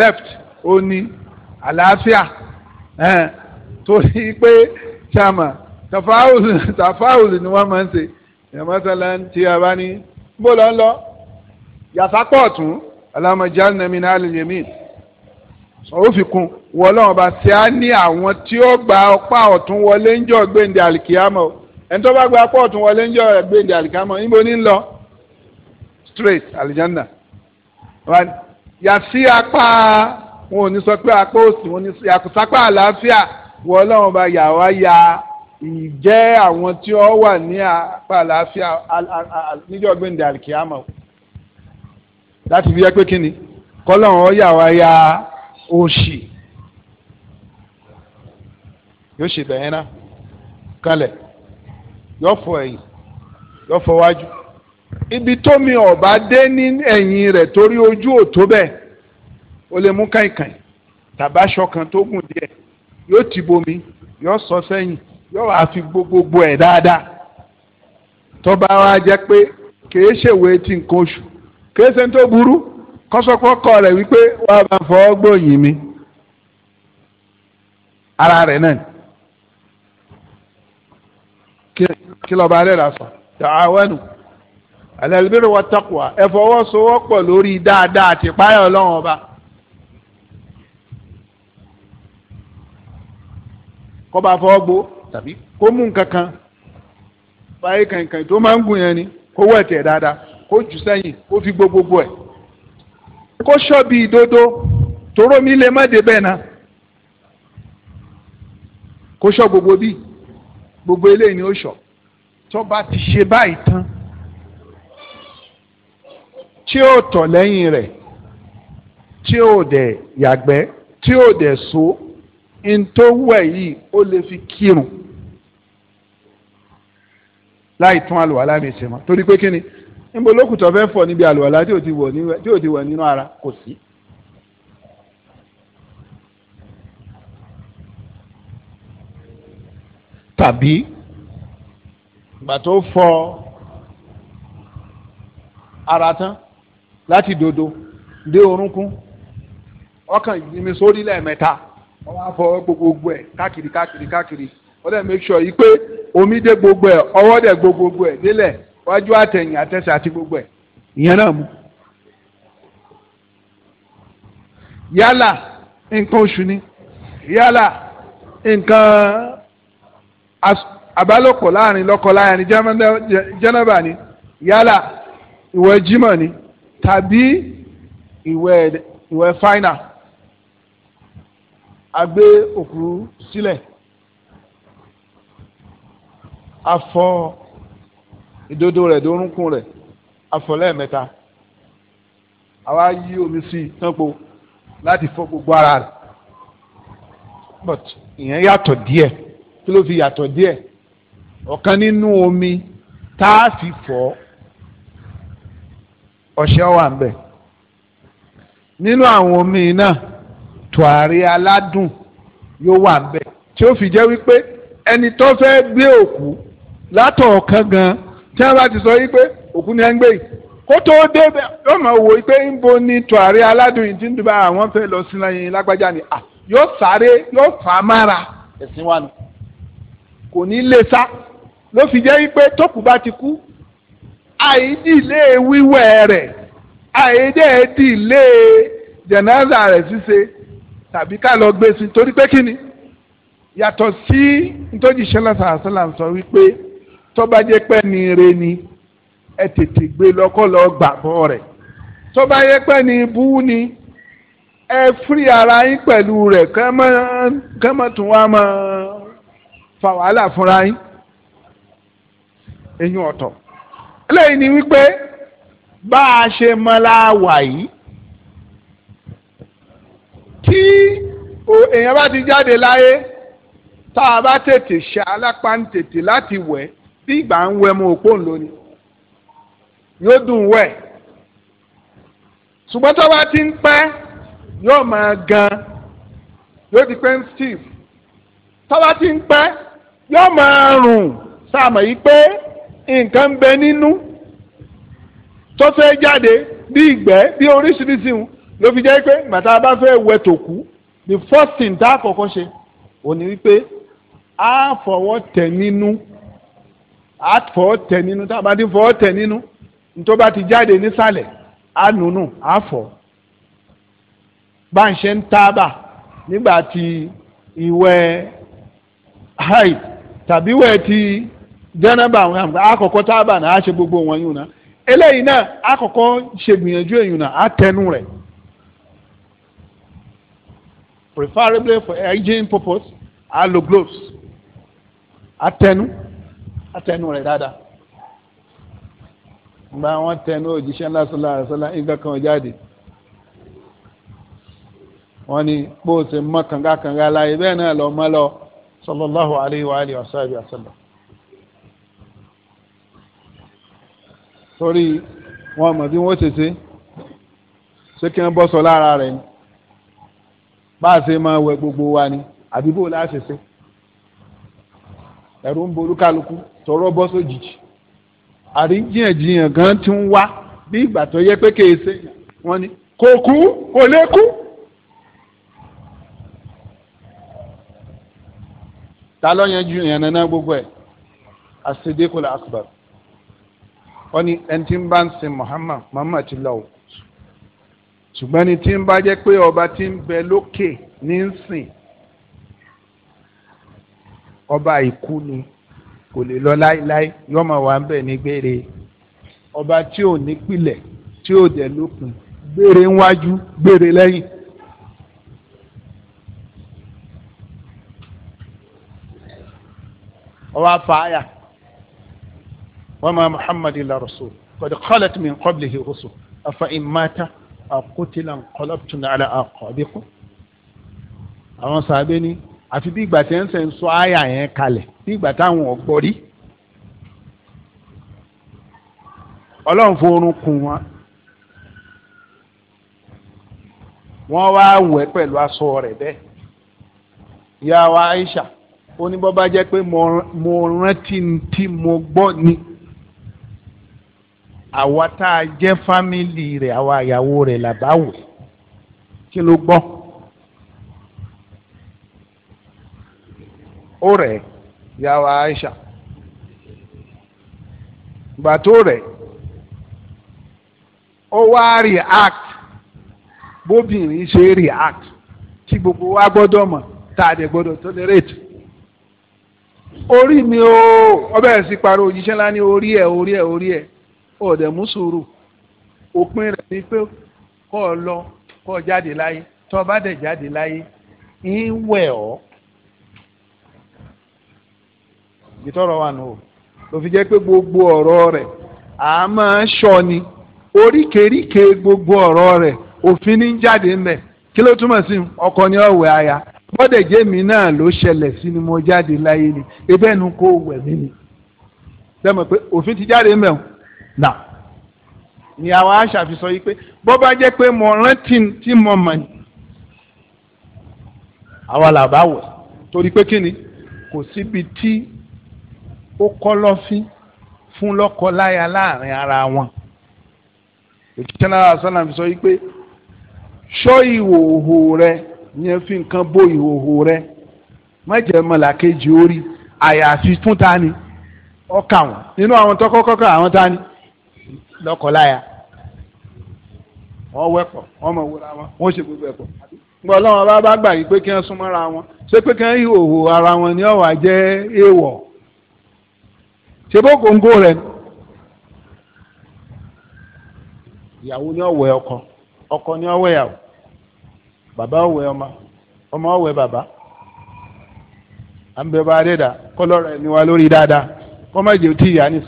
left ó ní àlàáfíà torí pé ṣàmà tàfáwùlù ni wọ́n máa ń ṣe ìyẹn mọ́sálà ń tí a bá ní bó lọ ń lọ yàtá pọ̀ tún alámọ̀já nàmi náà lè yẹ mí ó fi kún wọ́n lọ́wọ́ bá ṣe ní àwọn tí ó gba ọpá ọ̀tún wọlé ń jọ gbéǹde àlìkíyàmọ̀ ẹni tó bá gba ọpá ọ̀tún wọlé ń jọ gbéǹde àlìkíyàmọ̀ níbo ní lọ straight àlìjánà yà sí apá wọn ò ní sọ pé apá òsì wọn ní sọ yàtọ̀ sápá àlàáfíà wọ́n lọ́wọ́ bá ya ìjẹ́ àwọn tí ó wà ní apá àlàáfíà níjọ́ gbẹ̀ǹdẹ̀ àlìkíyàmọ̀ láti fi yẹ pé kí ni kọ́lọ́run ọ̀yà wa ya òṣì yóò ṣe bẹ̀yẹn náà kalẹ̀ yóò fọ ẹ̀yìn yóò fọ wájú ibi tómi ọ̀bá dé ní ẹ̀yìn rẹ̀ torí ojú ò tó bẹ́ẹ̀ o lè mú kàìnkàìn tàbáṣọ kan tó gùn díẹ̀ yóò ti bomi yóò sọ sẹ́yìn yóò wá fi gbogbogbò ẹ̀ dáadáa tó bá wá jẹ́ pé kìí ṣèwé tí nǹkan oṣù kìí ṣe tó burú kọ́sọ́kọ́kọ́ rẹ̀ wípé wàá bá fọ́ gbòyìn mi ara rẹ̀ náà kí lọ́ba alẹ́ rà sọ tàwẹ́nu alẹ́lẹ́bẹ̀rẹ̀ wọ́n taqwa ẹ fọwọ́sowọ́pọ̀ lórí dáadáa àti páyọ̀ ọlọ́run ọba. kọ́ba fọ́ gbó tàbí kó mú nǹkan kan báyìí kankan tó máa ń gùn yẹn ni kó wẹ̀ tẹ̀ dáadáa kó jù sẹ́yìn kó fi gbogbogbò ẹ̀ kó ṣọ́ọ̀bì ìdodo tóró mi lè má débẹ̀ náà kó ṣọ́ gbogbo bíi gbogbo eléyìí ni ó ṣọ́ tó ti ṣe báyìí tán tí ó tọ̀ lẹ́yìn rẹ̀ tí ó dẹ̀ yàgbẹ́ tí ó dẹ̀ so ntòwú ẹ̀ yìí ó lè fi kírun láì tún àlùwàlá mi ṣe mọ́ torí pé kíni níbo lókùtọ̀ fẹ́ fọ̀ níbi àlùwàlá tí ò ti wọ̀ nínú ara kò sí. tàbí ìgbà tó fọ ara tán láti dodo dé orúnkún ọkàn ìgbìmísórí lẹ́ẹ̀mẹ́ta wọ́n wá fọ gbogbo ẹ̀ káàkiri káàkiri káàkiri wọ́n make sure yìí pé omi dé gbogbo ẹ̀ ọwọ́ dẹ̀ gbogbo ẹ̀ délẹ̀ wájú àtẹ̀yìn àtẹ̀sẹ̀ àti gbogbo ẹ̀ ìyẹn náà mú. yálà nǹkan oṣù ni yálà nǹkan àbálòpọ̀ láàrin lọ́kọláya ni jẹ́nàbà ni yálà ìwẹ̀ jímọ̀ ni tàbí ìwẹ̀ fáínà a òkú sílẹ̀. Si afọ ìdodo rẹ̀ dorúnkún rẹ̀ afọ lẹ́ẹ̀mẹ́ta àwa yí omi sí i tánpo láti fọ gbogbo ara rẹ̀ but ìyẹn yàtọ̀ díẹ̀ kí ló fi yàtọ̀ díẹ̀ ọ̀kan nínú omi tá a fi fọ ọṣẹ wà ń bẹ nínú àwọn omi náà tùwárí aládùn yóò wà ń bẹ tí ó fi jẹ́ wípé ẹni tó fẹ́ gbé òkú látọ̀ ọ̀kan gan tí wọ́n bá ti sọ wípé òkú ni ẹ ń gbé yìí kó tó dé yóò máa wò wípé ń bo ni tùràrí aládùn yìí tí ń dùbà àwọn fẹ́ lọ sí lẹ́yìn lágbájá ni yóò sáré yóò fà á mára ẹ̀sìn wa nù kò ní lè sá ló fi jẹ́ wípé tókù bá ti kú àìdílé wíwẹ̀ rẹ̀ àìdẹ́ẹ̀dílé jẹ̀náza rẹ̀ ṣíṣe tàbí ká lọ gbé e sí torí pé kí ni yàtọ̀ sí nítorí ìṣẹ́lẹ̀ sàrásẹ́là sọ wípé tọ́ba jẹ́ pẹ́ ni re ni ẹ tètè gbé lọ́kọ́ lọ gbàgbọ́ rẹ̀ tọ́ba jẹ́ pẹ́ ni bú ni ẹ fírí ara yín pẹ̀lú rẹ̀ kẹ́ mọ́ mọ́ fa wàhálà fúnra yín eyín ọ̀tọ̀ eléyìí ni wípé bá a ṣe mọ láwà yìí tí èèyàn bá ti jáde láyé tá a bá tètè ṣe alápá ń tètè láti wẹ̀ bí ìgbà ń wẹ mu òpó ńlò ni yóò dùn wẹ̀ ṣùgbọ́n tó bá ti ń pẹ́ yóò máa gan yóò di pé ń steve tó bá ti ń pẹ́ yóò máa rùn sàmọ̀ yìí pé nǹkan ń bẹ nínú tó fẹ́ jáde bí ìgbẹ́ bí oríṣiríṣi ló fi jẹ́ pé màtá bá fẹ́ wẹ tòkú the first thing tá a kọ́kọ́ ṣe òní wípé a fọwọ́ tẹ̀ nínú. á tẹ̀ nínú tá a bá ti fọ́ tẹ̀ nínú nítorí bá ti jáde nísàlẹ̀ bá ń ṣe haid tàbí ìwẹ̀ ti jẹ́nàbà àwọn àmì àkọ́kọ́ tábà náà gbogbo wọn yìí náà eléyìí náà àkọ́kọ́ náà for hygiene purpose á gloves atẹnu rẹ̀ dáadáa gba wọn tẹnu òjíṣẹ́ ńlá sọlá àrẹsọlá nǹkan kan jáde wọn ni bó o ṣe mọ kànga kànga láàyè bẹ́ẹ̀ náà lọ mọ lọ sallallahu alaihi wa alihi wasallam àṣàbí torí wọn mọ̀ bí wọ́n ṣe ṣe ṣé kí wọ́n bọ́ sọ lára rẹ̀ ni bá a ṣe máa wẹ gbogbo wa ni àbí bó o láṣẹ ṣe ẹ̀rù ń bo olúkálukú tọrọ bọ́ sójijì àríjìyànjiyàn gan ti ń wá bí ìgbà tó yẹ pé kéèsè wọn ni kò kú kò lè kú. ta ló yanjú ìyànnàná gbogbo ẹ̀ asidikul akbar wọ́n ní ẹni tí ń bá ń sin Muhammad Muhammad ti lọ o ṣùgbọ́n ẹni tí ń bá jẹ́ pé ọba tí ń bẹ lókè ní ń sìn ọba ìkú ni kò lè lọ láíláí yóò máa wà ń bẹ̀ ní gbére ọba tí ò ní pilẹ̀ tí ò dẹ̀ lópin gbére ńwájú gbére lẹ́yìn. ọba fàáyà wa ma muhammad illa rasul qad khalat min qablihi rusul afa in mata aw qutila inqalabtum ala àwọn sàbẹ̀ ni àfi bí ìgbà tí ẹ̀ ń sẹ̀ ń sọ àyà yẹn kalẹ̀ bí ìgbà táwọn ọ̀gbọ́ rí ọlọ́run fòrun kùn wọn wọ́n wá wẹ̀ pẹ̀lú aṣọ rẹ̀ bẹ́ẹ̀ ìyá wa Aisha ó jẹ́ pé mo rántí tí mo gbọ́ ni àwa tá a jẹ́ fámìlì rẹ̀ àwa ìyàwó rẹ̀ làbáwẹ̀ kí ló gbọ́. o rẹ̀ yawa Aisha gbà tó rẹ̀ wa wá react bóbìnrin ṣe react ti gbogbo wa gbọ́dọ̀ mọ̀ tá a dẹ̀ tolerate orí mi o ọbẹ̀ sì parọ́ òjíṣẹ́ ńlá ní orí ẹ̀ orí ẹ̀ orí ẹ̀ ọ̀dẹ̀ mú sùúrù òpin rẹ̀ ni pé kọ́ ọ lọ kọ́ ọ jáde láyé tọ́ ọ bá dẹ̀ jáde láyé ń wẹ̀ ọ́. gbẹtọrọ wà nù o ló fi jẹ́ pé gbogbo ọ̀rọ̀ rẹ̀ a máa ṣọ́ ni oríkèéríkèé gbogbo ọ̀rọ̀ rẹ̀ òfin ní jáde ńbẹ kí ló túmọ̀ sí ọkọ ní ọ̀wẹ́ aya bọ́dẹ̀ jẹ́ náà ló ṣẹlẹ̀ sí ni mo jáde láyé ni ebẹ́ nu kó wẹ̀ mí ni dẹ́mọ̀ pé òfin ti jáde nà ni aṣàfisọ yìí pé bọ́ bá jẹ́ pé mo rántí tí mo mọ̀ àwa torí pé ó kọ́lọ́fín fún lọ́kọ láya láàrin ara wọn òtítọ́ náà fi sọ wípé ṣọ́ ìhòòhò rẹ yẹn fi nǹkan bó ìhòòhò rẹ má mọ̀làkejì orí àyàfi fún ta ni ọkà wọn nínú àwọn tó kọ́kọ́ kọ́ àwọn ta ni lọ́kọ láya wọ́n wẹ̀pọ̀ wọ́n mọ̀ wúra wọn wọ́n ṣe gbogbo ẹ̀pọ̀ gbọ́ ọlọ́run bá bá gbà yí pé kí wọ́n súnmọ́ra wọn ṣé pé kí wọ́n ìhòòhò ara wọn ni ọ̀wà jẹ́ èèwọ̀ ṣe bó gòǹgò rẹ̀ ìyàwó ni ọ̀wẹ́ ọkọ ọkọ ni ọ̀wẹ́ ìyàwó bàbá ọ̀wẹ́ ọmọ ọmọ ọ̀wẹ́ bàbá à ń bẹ bá adéda kọlọ́rọ̀ ẹni wa lórí dáadáa kọ́mọ̀jẹ̀ tí ìyá ní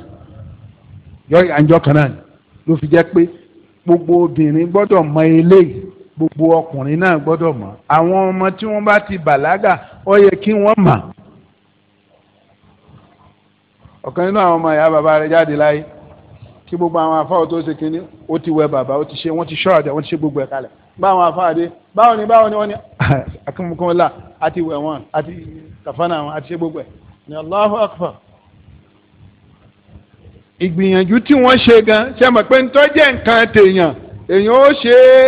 yọ ìyànjọ kan náà ló fi jẹ́ pé gbogbo obìnrin gbọ́dọ̀ mọ eléyìí gbogbo ọkùnrin náà gbọ́dọ̀ mọ̀ àwọn ọmọ tí wọ́n bá ti bàlágà ó yẹ kí wọ́n mọ̀ ọ̀kan nínú àwọn ọmọ ìyá bàbá rẹ̀ jáde láyé kí gbogbo àwọn afáwọ̀ tó ṣe kínní ó ti wẹ bàbá ó ti ṣe wọ́n ti ṣọ́ àdá wọ́n ti ṣe gbogbo ẹ̀ kalẹ̀ báwọn afáàdé báwọn ni báwọn ni wọ́n ni akínmukún la àti wẹ̀ wọn àti kàfánà wọn àti ṣe gbogbo ẹ̀ ni Allahu Akbar ìgbìyànjú tí wọ́n ṣe gan ṣe mọ̀ pé nítorí jẹ́ nǹkan tèèyàn èèyàn ó ṣe é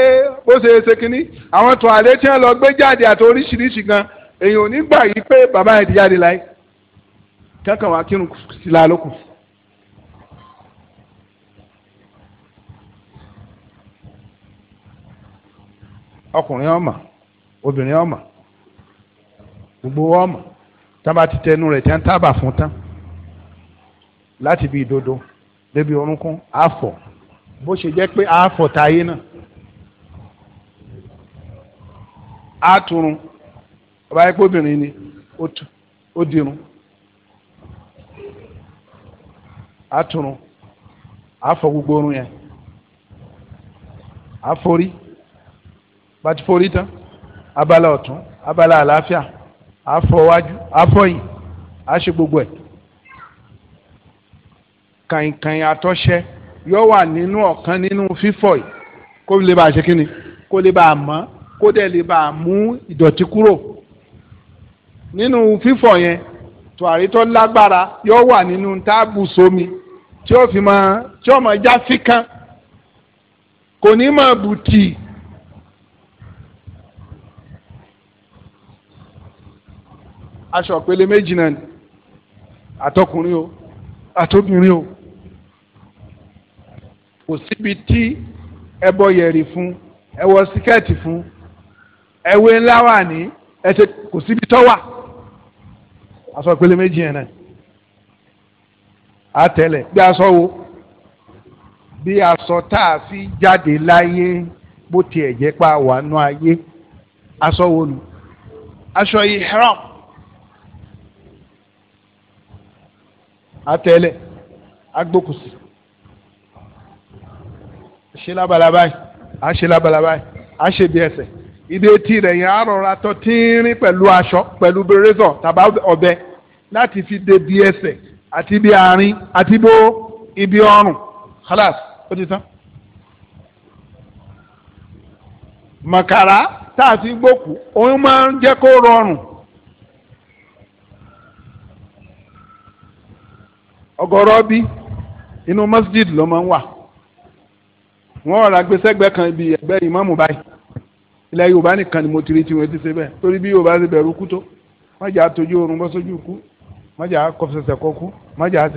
bó ṣe ṣe kínní àwọn tòwálé tí wọ́n lọ gbé jáde àti oríṣiríṣi gan èèyàn ò ní gbà yí pé bàbá yẹn ti jáde láyé kankan wá kírun sí la lókun. ọkùnrin ọmọ obìnrin ọmọ gbogbo ọmọ tába ti tẹnu rẹ̀ tí wọ́n tábà fún tán láti bí ìdodo débi orúnkún àfọ̀ bó ṣe jẹ́ pé àfọ̀ táyé náà àtúrun ọba ẹgbẹ́ obìnrin ni ó dirun àtúrun àfọ gbogbo orun yẹn àforí bàtí forí tán abala ọ̀tún abala àlàáfíà àfọwájú àfọyìn àṣe gbogbo ẹ̀ kàìnkàìn àtọ́ṣẹ́ yóò wà nínú ọ̀kan nínú fífọ̀ yìí kó lè bá a ṣe kínni kó lè bá a mọ́ kó dẹ̀ lè bá a mú ìdọ̀tí kúrò nínú fífọ̀ tùwárí tó lágbára yóò wà nínú táàbù sómi tí ó fi máa tí ó máa já sí kán kò ní máa bù tì. aṣọ ìpele méjì náà ni àtọkùnrin o àtọkùnrin o kò síbi tí ẹ bọ fún ẹ wọ fún ẹ ńlá wà ní ẹ kò síbi tó wà aṣọ ìpele méjì yẹn náà àtẹlẹ bí aṣọ wo bí aṣọ tá a fi jáde láyé bó tiẹ̀ jẹ́ pa wà nù ayé aṣọ wo nu aṣọ ihram àtẹlẹ agbókùsì ṣe lábalábáyì àṣe lábalábáyì àṣe bí ẹsẹ̀ ìdè tirẹ̀ yẹn á rọra tọ́ tínrín pẹ̀lú aṣọ pẹ̀lú bẹ̀rẹ̀sọ̀ tàbá ọ̀bẹ láti fi de bí ẹsẹ̀ àti ibi àárín àti bó ibi ọrùn khalas ó ti tán. màkàrà tá a fi gbókù òun máa ń jẹ́ kó rọrùn. ọ̀gọ̀rọ̀ bí inú masjid ló máa ń wà wọ́n rà gbèsè ẹgbẹ́ kan ibi ẹgbẹ́ ìmáàmù báyìí. ilẹ̀ yorùbá nìkan ni mo ti rí tí wọ́n ti ṣe bẹ́ẹ̀ torí bí yorùbá ti bẹ̀rù kú tó má jà tójú oorun bọ́ sójú kú jà kọfẹsẹ̀ kọ kú jà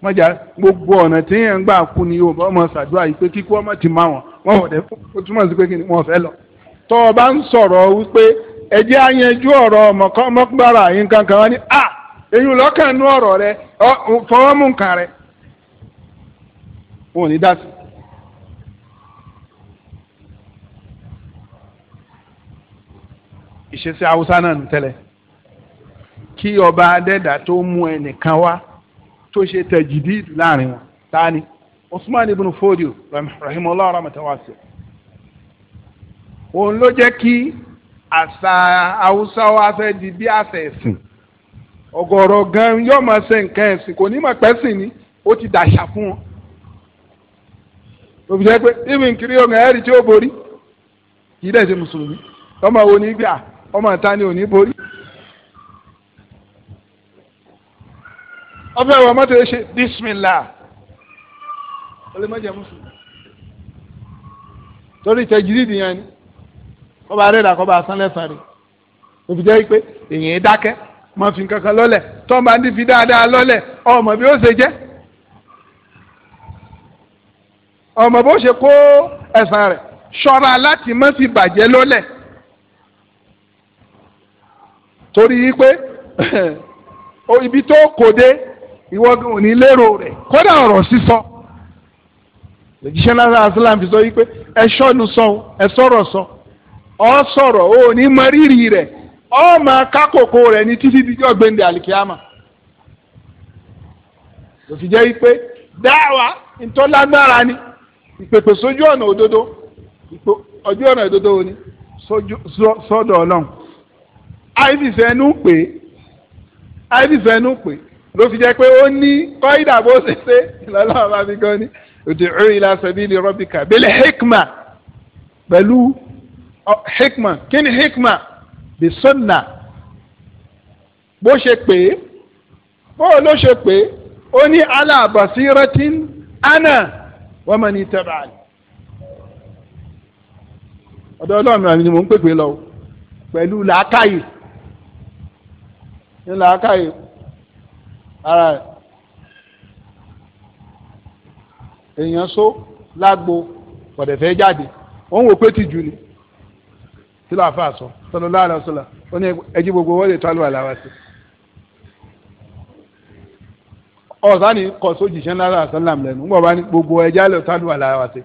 kú jà gbogbo ọ̀nà tí yẹn ń gbà kú ni yorùbá ọmọ ṣàdúrà yìí pé kíkú ọmọ ti má wọn wọn ò dẹ túmọ̀ sí ọ bá ń sọ̀rọ̀ ìṣesí haúsá náà nù tẹ́lẹ̀ kí ọba adẹ́dà tó mú ẹnìkan wá tó ṣe tajidid láàrin wọn tani Usman ibn Fodio rahimahullah rahmatawasi òun ló jẹ́ kí àṣà haúsá wa fẹ́ di bí àṣà ẹ̀sìn ọ̀gọ̀rọ̀ gan yóò máa ṣe nǹkan ẹ̀sìn kò ní mọ̀ pẹ́ sìn ni ó ti dàṣà fún wọn òbí jẹ́ pé ibi nkiri ọ̀gá ẹ̀rí tí ó borí kì dẹ̀ ṣe mùsùlùmí tọ́mọ wo ní gbà ọmọ ta ni ò ní borí. ọbẹ̀ wa mọ́tò yẹn ṣe bísímìlà olùmọ̀jẹ̀ mùsùlùmí torí ìtẹ̀jìrì nìyẹn ni kọba arẹ́dà kọba asánlẹ̀sán rẹ̀ òbí jẹ́ pé èyàn dákẹ́ mọ fi kankan lọ́lẹ̀ tọ́ba ní fi dáadáa lọ́lẹ̀ ọmọ bí ó ṣe jẹ́ ọmọ bó ṣe kó ẹ̀sán rẹ̀ ṣọ́ra láti má fi bàjẹ́ lọ́lẹ̀. torí pé ibi tó kò dé ìwọ ò lérò rẹ̀ kódà sísọ náà fi sọ wípé ẹ ṣọ́nu sọ ẹ sọ ọ sọ̀rọ̀ ò ní mọ rẹ rẹ̀ ọ máa kákòókò rẹ̀ ní títí díjọ́ wípé dáwà ntọ́lágbára ni ìpèpè sójú ọ̀nà òdodo ọjọ́ ọ̀nà ni ọlọ́run ivis ẹnu pè ivis ẹnu pè ló fi jẹ́ pé ó ní kọ́ídà bó ṣe ṣe lọ́lọ́wọ́ bá fi gan ni ud'u ila sabili rabbika bil hikma pẹ̀lú hikma kí ni hikma bí sunna bó ṣe pè é bó ló ṣe pè é ó ní ala basiratin ana wa mani taba'ani ọ̀dọ̀ ọlọ́run ni mò ń pèpè lọ pẹ̀lú làákàyè ní làákàyè ara rẹ̀ èèyàn só lágbo pọ̀dẹ̀fẹ́ jáde wọ́n wò pé tìjú ni tí ló àfa sọ sọlọ láàrin ọsọlá ó ní ẹjí gbogbo wọ́n lè tó àlọ́ àlàwà sí. ọ̀sán ni kọ̀ sójìṣẹ́ ńlá àṣàlám lẹ́nu ńgbọ̀n bá ní gbogbo ẹja lè tó àlọ́ àlàwà sí.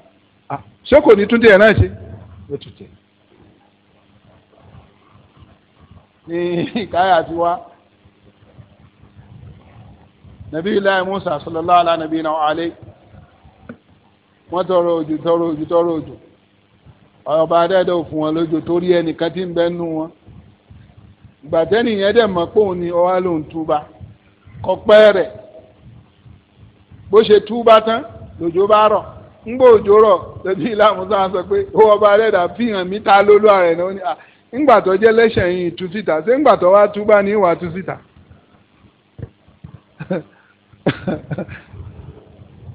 ṣé kò ní túndé ẹ̀ náà ṣe ló tún tẹ̀. ní ìkáyà ti wá nàbí ilá musa sallallahu alá nàbí náà alẹ́ wọ́n tọrọ òjò tọrọ òjò tọrọ òjò ọba adẹ́dẹ́ òfin wọn lójò torí ẹnìkan tí ń bẹ nú wọn gbàtẹ́nì yẹn dẹ̀ mọ̀ pé òun ni ọwá lòun túba kọpẹ́ rẹ̀ bó ṣe túba tán lòjò bá rọ̀ ńgbà òjò rọ̀ nàbí ilá musa sọ pé ó ọba adẹ́dẹ́ fihàn mí ta lólu ààrẹ náà nígbà tó jẹ́ lẹ́sẹ̀ yìí tú síta ṣé ńgbà tó wá túba ní ìwà tú síta.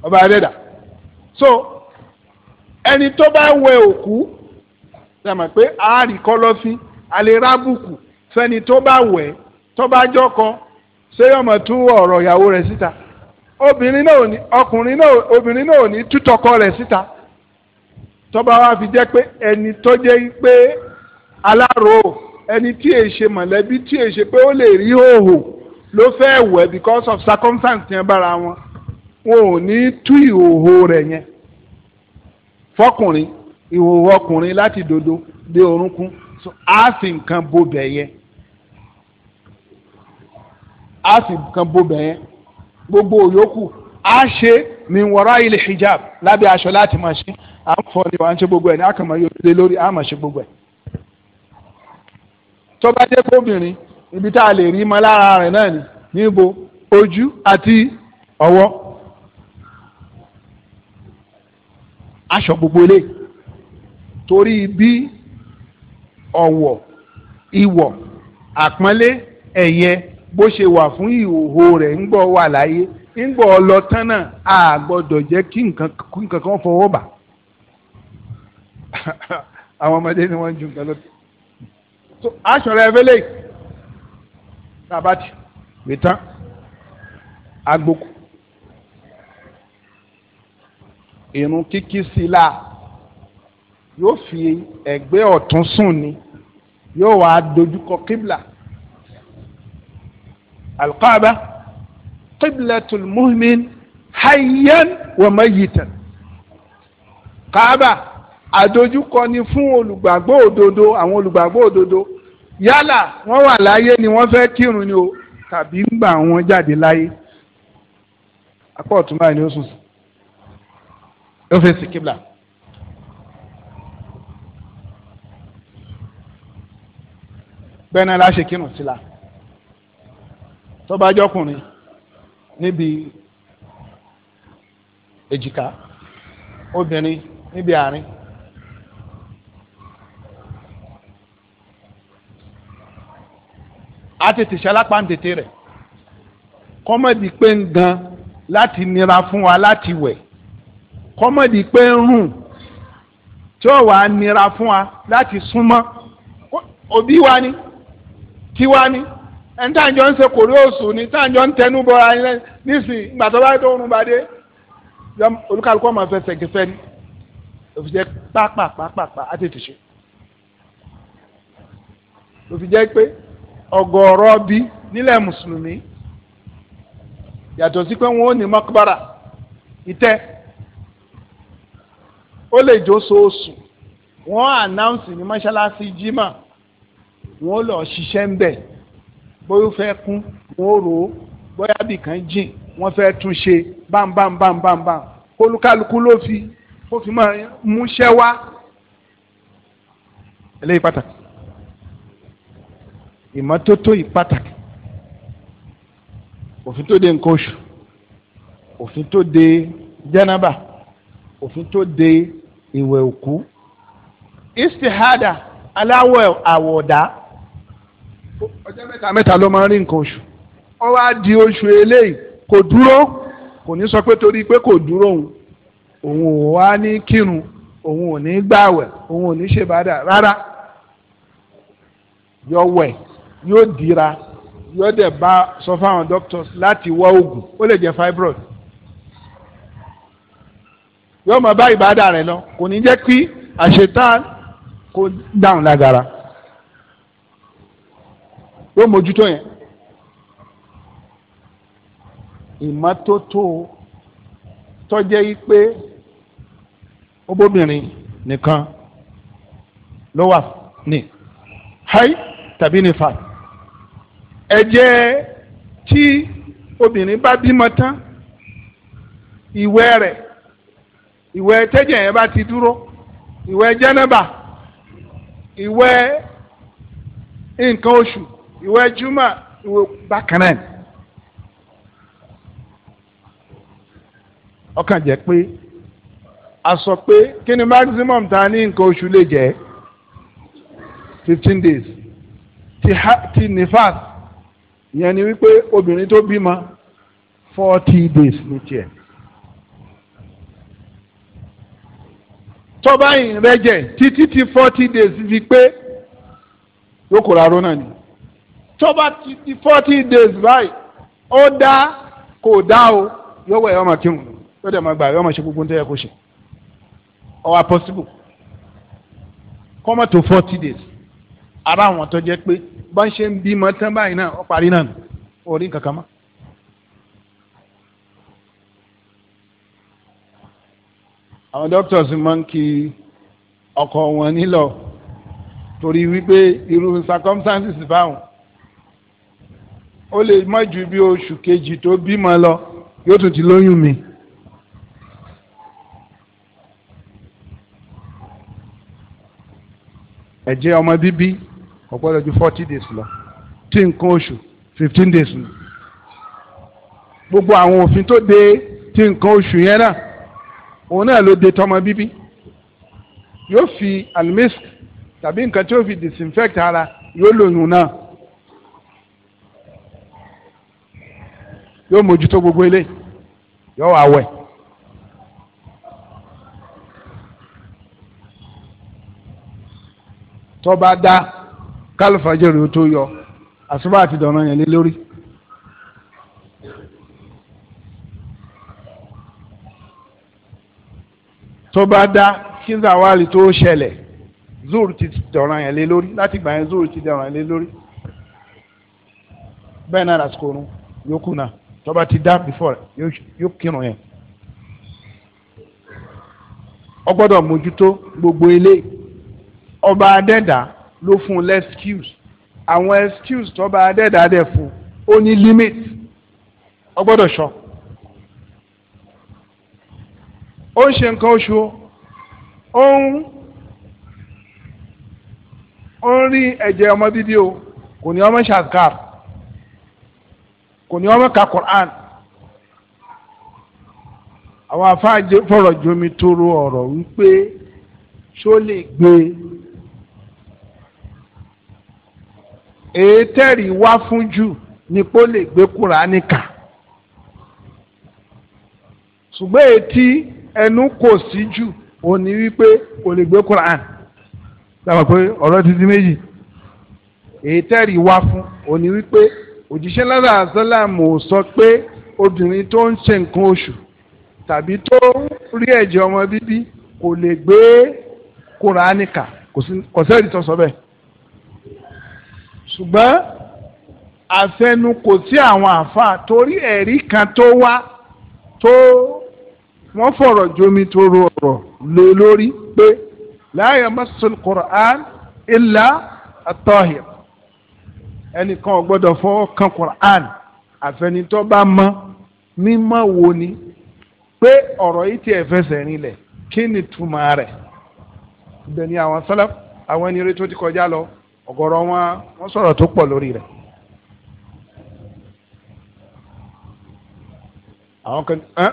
ọba adẹ́dà so ẹni tó bá wẹ òkú sàmà pé àárí kọ̀lọ̀fín alẹ́ rábùkù fẹ́ni tó bá wẹ̀ tó bá jọ́kọ ṣé ọmọ tún ọ̀rọ̀ ìyàwó rẹ̀ síta obìnrin náà ní ọkùnrin náà obìnrin náà ní tútọkọ rẹ̀ síta tó bá wá fi jẹ́ pé ẹni tó jẹ́ pé alárò ẹni tí èṣe mọ̀lẹ́bí tí èṣe pé ó lè rí òhò ló fẹ́ wẹ̀ because of circumstance yẹn bára wọn wọn ò ní tú ìhòòhò rẹ̀ yẹn fọkùnrin ìhòòhò ọkùnrin láti dodo dé orúnkún so a sì nǹkan bobẹ̀ yẹn a sì nǹkan bobẹ̀ yẹn gbogbo yòókù a ṣe mi wọ̀rọ̀ ilé hijab lábẹ́ aṣọ láti máa ṣe à ń fọ́ ni wà á ń ṣe gbogbo ẹ̀ ní àkàmọ́ yóò lé lórí a máa ṣe gbogbo ẹ̀ tó bá dé kóbìnrin ibi tá a lè rí mọ́ lára rẹ̀ náà ni níbo ojú àti ọwọ́ aṣọ gbogbo lè torí bí ọwọ ìwọ̀ àpọ́nlé ẹ̀yẹ bó ṣe wà fún ìhòhò rẹ̀ ń gbọ́ wà láyé ń lọ tán náà a gbọ́dọ̀ jẹ́ kí nǹkan kan fọwọ́ bà àwọn ọmọdé ni wọ́n ń ju nǹkan lọ́tọ̀ aṣọ rẹ̀ fẹ́lẹ́ tabati gbẹtàn agboku irun kíkí sí la yóò fi ẹ̀gbẹ́ ọ̀tún sùn ni yóò wá dojúkọ kíbla alqaba qiblatul mu'min hayyan wa mayitan kaaba àdojúkọ ni fún olùgbàgbọ́ òdodo àwọn olùgbàgbọ́ òdodo yálà wọ́n wà láyé ni wọ́n fẹ́ kírun ni o tàbí ń gbà wọ́n jáde láyé apá ọ̀tún báyìí ni ó sùn ó fẹ́ sí kíbla. bẹ́ẹ̀ náà láṣẹ kírun sí la tó níbi èjìká obìnrin níbi àárín. á tètè ṣalápá ń tètè rẹ̀ kọ́mọ̀dì pé ń gan láti nira fún wa láti wẹ̀ kọ́mọ̀dì pé ń rùn tí ó wàá nira fún wa láti súnmọ́ òbí wa ni tiwa ni ẹni tá à ń jọ ń ṣe kòrí òsù ni tá à ń jọ ń tẹnu bọra ni nísìnyí ìgbà tó bá tó ń ba dé olúkàlùkù ọmọ fẹsẹ̀ gẹ́fẹ́ ni òfin jẹ́ pápá pápá tètè ṣe òfin pé ọ̀gọ̀ọ̀rọ̀ bí nílẹ̀ mùsùlùmí yàtọ̀ sí pé wọn ò ní makbara ìtẹ́ ó lè jó sóòsù wọn ànáùnsì ní mọ́ṣáláṣí jimá wọn ò lọ ṣiṣẹ́ ń bẹ̀ bóyá fẹ́ kún wọn ò rò ó bóyá bìkan jìn wọn fẹ́ tún ṣe bámbámbámbámbám kólúkálukú ló fi kó fi máa múṣẹ́ wá eléyìí pàtàkì ìmọ́tótó ìpàtàkì òfin tó de nǹkan oṣù òfin tó de jẹ́nàbà òfin tó de ìwẹ̀ òkú istihada aláwọ̀ àwọ̀dá ọjọ́ mẹ́ta mẹ́ta ló máa ń rí nǹkan oṣù ó wá di oṣù eléyìí kò dúró kò ní sọ pé torí pé kò dúró òun òun ò wá ní kírun òun ò ní gbààwẹ̀ òun ò ní ṣèbádà rárá yọ wẹ̀ yóò dira yóò dẹ̀ bá sọ fáwọn doctors láti wá oògùn ó lè jẹ́ fibroid yóò máa bá ìbádà rẹ̀ lọ kò ní jẹ́ kí àṣetán kó dáhùn lágara yóò mójútó yẹn ìmọ́tótó tọ́jẹ́ yí pé obóbìnrin nìkan ló wà ní hayi tàbí ní fàá ẹ̀jẹ̀ tí obìnrin bá bímọ tán ìwẹ̀ rẹ̀ ìwẹ̀ tẹ́jẹ̀ yẹn bá ti dúró ìwẹ̀ jẹ́nẹ́bà ìwẹ̀ nǹkan oṣù ìwẹ̀ júmọ̀ ìwẹ̀ bákan ọkàn jẹ́ pé a sọ pé kí ni maximum ta ní nǹkan oṣù lè jẹ́ fifteen days ti ha ti nifas ìyẹn ni wípé obìnrin tó bímọ forty days ní tiẹ̀. tọ́ba yìí rẹ jẹ títí ti forty days fi pé yóò kó rárá náà ni tọ́ba ti forty days báyìí ó dá kò dá o yóò wẹ̀ ọmọ kírun yóò dẹ̀ máa gbà yóò ṣe gbogbo ntẹ́yẹ kó ṣe ọwọ́ possible Come to forty days ara àwọn tó jẹ́ pé bá ń ṣe ń bímọ tán báyìí náà ó parí náà orí kankan mọ́. àwọn doctors máa ń kí ọkọ wọn nílọ torí wípé irú circumstances báwọn ó lè má ju bí oṣù kejì tó bímọ lọ yóò tún ti lóyún mi. ẹ̀jẹ̀ ọmọ bíbí kò gbọ́dọ̀ ju forty days lọ tí nǹkan oṣù fifteen days lọ gbogbo àwọn òfin tó de tí nǹkan oṣù yẹn náà òun náà ló de tọmọ bíbí yóò fi almisk tàbí nǹkan tí ó fi disinfect ara yóò lòyún náà yóò mójútó gbogbo ilé yóò wá wẹ̀. tọ́ba dá kálífàjẹrì tó yọ àsùbá àti dọ̀nà yẹn lé lórí. tó bá dá kí tó ṣẹlẹ̀ zuru ti dọ̀nà yẹn lé lórí láti gbà zuru ti dọ̀nà yẹn lé lórí bẹ́ẹ̀ náà lásìkò náà ti dá before yóò kírun yẹn ọ gbọ́dọ̀ mójútó gbogbo ilé ọba adẹ́dàá. ló fún un lẹ́skíùs àwọn excuse tó bá dẹ́dàdẹ́ fún ó ní limit ó gbọ́dọ̀ sọ. ó ń ṣe nǹkan oṣù ó ń ó ń rí ẹ̀jẹ̀ ọmọ bíbí o kò ní ọmọ ṣàkàr kò ní ọmọ ka Quran àwọn afáàjẹ fọ̀rọ̀ jomi toro ọ̀rọ̀ wípé ṣó lè gbé e. èétẹ́rì wá fún jù ni pé ó lè gbé kúránì kà ṣùgbọ́n ètí ẹnu kò sí jù ò ní wípé kò lè gbé kúránì dábàá pé ọ̀rọ̀ títí méjì èétẹ́rì wá fún ò ní wípé òjíṣẹ́ lára àṣálàmù ò sọ pé obìnrin tó ń ṣe nǹkan oṣù tàbí tó rí ẹ̀jẹ̀ ọmọ bíbí kò lè gbé kúránì kà kò sẹ́ẹ̀rì tó sọ bẹ́ẹ̀ ṣùgbọ́n àfẹnukò sí àwọn àáfàá torí ẹ̀rí kan tó wá tó wọ́n fọ̀rọ̀ jomi toro ọ̀rọ̀ lé lórí pé la yamassul Qur'an illa at-tahir ẹnìkan ò gbọ́dọ̀ fọwọ́ kan Qur'an àfẹnitọ́ bá mọ́ mímọ́ wo ni pé ọ̀rọ̀ yìí ti ẹ̀fẹsẹ̀ rinlẹ̀ kí ni túmọ̀ rẹ̀ ibẹ̀ àwọn sálàf àwọn ẹni rẹ tó ti kọjá lọ ọ̀gọ̀rọ̀ wọn wọ́n sọ̀rọ̀ tó pọ̀ lórí rẹ̀. àwọn kan ẹ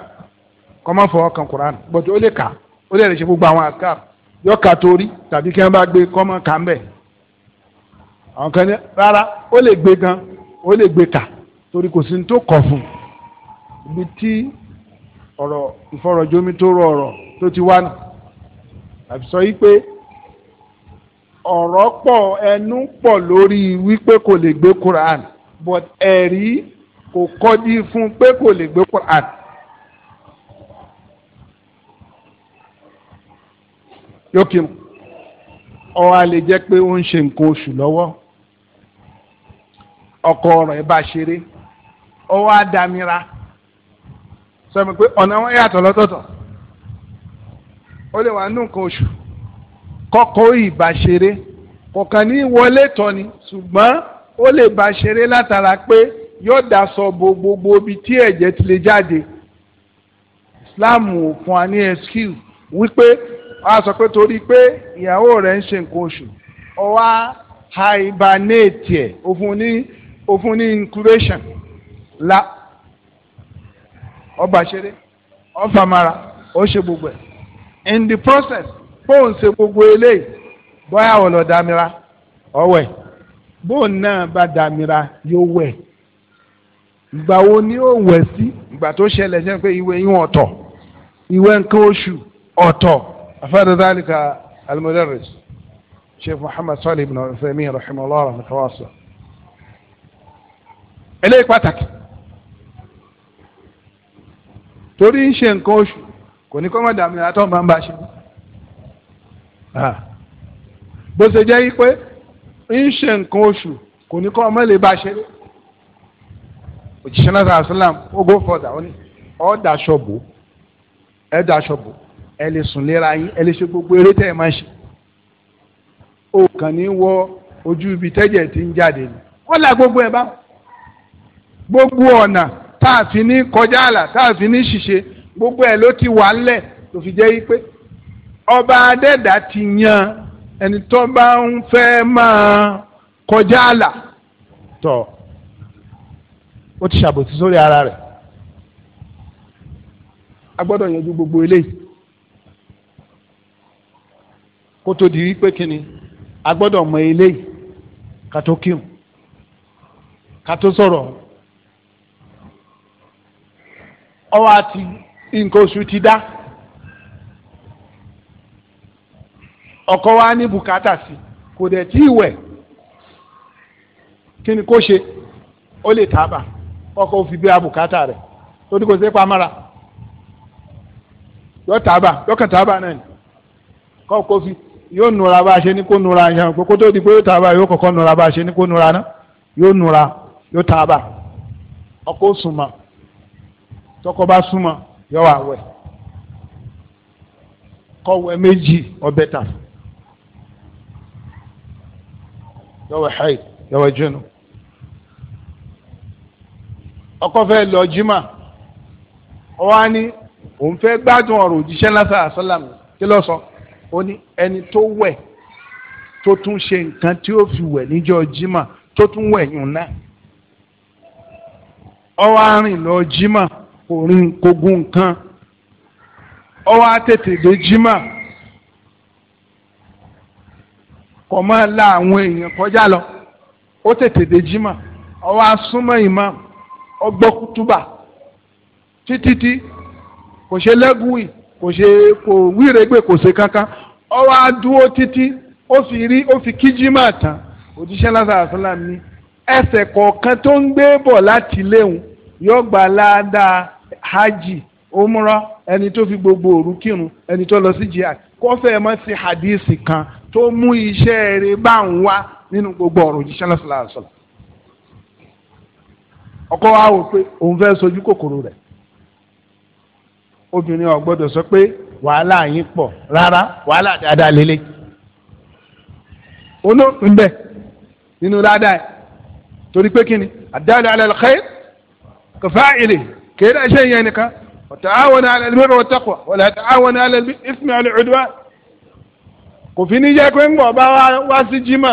kọ́mọ́ fọwọ́ kan Quran gbọ́dọ̀ ó lè kà ó lè ṣe gbogbo àwọn àkàr yọ ká torí tàbí kí wọ́n bá gbé kọ́mọ́ kà ń bẹ̀. àwọn kan ní rárá ó lè gbé gan ó lè gbé kà torí kò sí ní tó kọ̀ fún ibi tí ọ̀rọ̀ ìfọ̀rọ̀jomi tó tó ti wá nù àbísọ yìí pé ọ̀rọ̀ pọ̀ ẹnu pọ̀ lórí wípé kò lè gbé Quran but ẹ̀rí kò kọ́dí fún pé kò lè gbé Quran. yókè ọ̀hà lè jẹ́ pé ó ń ṣe nǹkan oṣù lọ́wọ́ ọkọ rẹ̀ bá ṣeré ọwọ́ àdámira sọ mi pé ọ̀nà wọn yàtọ̀ lọ́tọ̀ọ̀tọ̀ ó lè wà nínú nǹkan oṣù kọ́kọ́ ìbá ṣeré kọ̀ọ̀kan ní wọlé tọ́ ni ṣùgbọ́n ó lè bá ṣeré látara pé yóò daṣọ bo gbogbo ibi tí ẹ̀jẹ̀ ti lè jáde Islam ò fún wa ní excuse wípé a sọ pé torí pé ìyàwó rẹ̀ ń ṣe nǹkan oṣù ọwá hibernate ẹ̀ òfun ní òfun ní incubation la ọba ṣeré ọfàmara ó ṣe gbogbo ẹ̀ in the process bóun ṣe gbogbo eléyìí bóyá àwọn lọ damira ọwẹ bóun náà bá damira yóò wee ìgbà wo ni sí ìgbà tó ṣẹlẹ̀ ṣe pé ìwé yín ọ̀tọ̀ ìwé nǹkan oṣù ọ̀tọ̀ afẹnudalika almudarris sheikh muhammad sali ibn Uthaymin rahimahullah rahmatulahsa eléyìí pàtàkì torí ń ṣe nǹkan oṣù kò ní kọ́ mọ́ bó ṣe jẹ́ yí pé ń ṣe nǹkan oṣù kò ní kọ́ ọmọ lè bá ṣe òjíṣẹ́ náà sàrà sílám ó gó fọdà ó ní ọ́ daṣọ bò ẹ daṣọ bò ẹ lè sùn léra yín ẹ lè ṣe gbogbo eré tẹ́ ẹ máa ṣe ó kàn ní wọ ojú ibi tẹ́jẹ̀ ti ń jáde ni wọ́n là gbogbo ẹ̀ bá gbogbo ọ̀nà tá a fi ní kọjá àlà tá a fi ní ṣìṣe gbogbo ẹ̀ ló ti wà ńlẹ̀ tó fi jẹ́ yí pé ọba adẹ́dà ti yan ẹni tó bá ń fẹ́ máa kọjá àlà tọ̀ ó ti ṣàbòsí sórí ara rẹ̀ a gbọ́dọ̀ yanjú gbogbo eléyìí kó tó di wípé kíni a gbọ́dọ̀ mọ eléyìí ká tó kírun ká tó sọ̀rọ̀ ọwọ́ àti nǹkan oṣù ti dá. ọkọ wa ní bùkátà sí kò dẹ̀ tí ì wẹ̀ kí ni kó ṣe ó lè tábà ọkọ òfin bí abùkátà rẹ̀ tó ní kò sí pamara yọ tábà yọkàn tábà náà ni kọ́ kó fi yóò nura bá a ṣe ní kó nura yẹn pé kó tó di pé yóò tábà yóò kọ́kọ́ nura bá a ṣe ní kó nura náà yóò nura yóò tábà ọkọ súnmọ́ tọkọ bá súnmọ́ yọ wà wẹ̀ kọ́ wẹ̀ méjì ọbẹ̀ tà fún. yọwọ haid yọwọ junu ọkọ ni òun fẹ gbádùn ọ̀rọ̀ òjíṣẹ́ lásán àṣọlám kí ní ẹni tó wẹ̀ tó tún ṣe nǹkan tí ó fi wẹ̀ níjọ jimá tó tún wẹ̀ yùn náà ọwọ arìn lọ jimá kò rin kò kọ máa la àwọn èèyàn kọjá lọ ó tètè dé jímọ̀ ọwọ́ imam ọgbọ́ kútúbà títítí kò ṣe lẹ́gùwì kò ṣe kò kò ṣe kankan ọwọ́ adúró títí ó fi rí ó fi kí jímọ̀ tán òjíṣẹ́ ni gbogbo ẹni tó lọ kan tó mú iṣẹ́ rẹ̀ bá ń wá nínú gbogbo ọ̀rọ̀ òjíṣẹ́ náà sọ̀rọ̀ àṣọ̀rọ̀ ọkọ wa wò pé òun fẹ́ sojú kòkòrò rẹ̀ obìnrin ò gbọ́dọ̀ sọ pé wàhálà yín pọ̀ rárá wàhálà dáadáa lélẹ̀ olóògùn bẹ̀ nínú dáadáa yìí torí pé kíni àdáàlú alẹ́ lọ́kẹ́ kẹfà ìlè kéèdà iṣẹ́ yẹn nìkan wa ta'awanu 'ala al-birri wa taqwa wa la ta'awanu 'ala al-ithmi wal 'udwan. kò fi ní jẹ́ pé ń bọ̀ bá wá sí jimá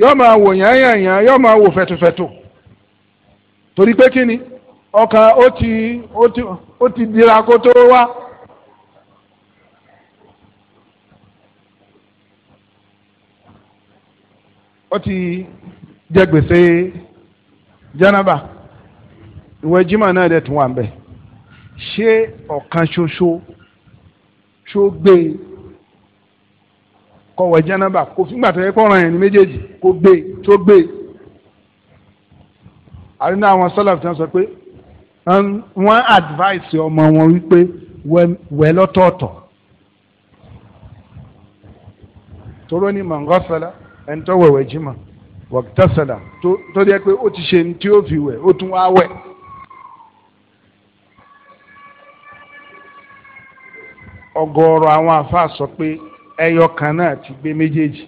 yóò máa wò yányànyàn yóò máa wò fẹ̀tùfẹ̀tù torí pé kí ni ọkàn ó ti ó ti ó ti dira kó tó wá. ó ti jẹ gbèsè jánábà ìwé jimá náà dẹ̀ tún wà ń bẹ̀ ṣé ọ̀kan ṣoṣo ṣó gbé e. kó wọ jẹnaba kò fúngbà tó yẹ kó ràn yẹn ní méjèèjì kó gbé tó gbé àrínà àwọn sọlá fi sọ pé wọ́n advice ọmọ wọn wípé wẹ̀ lọ́tọ̀ọ̀tọ̀ toró ní mọ̀ngọ́sálá ẹni tó wẹ̀wẹ̀ jimá wọ̀gítàsálà tó yẹ pé ó ti ṣe ní tí ó fi wẹ̀ ó tún wá wẹ̀. ọ̀gọ̀ọ̀rọ̀ àwọn àfa sọ pé ẹyọ kan ti gbé méjèèjì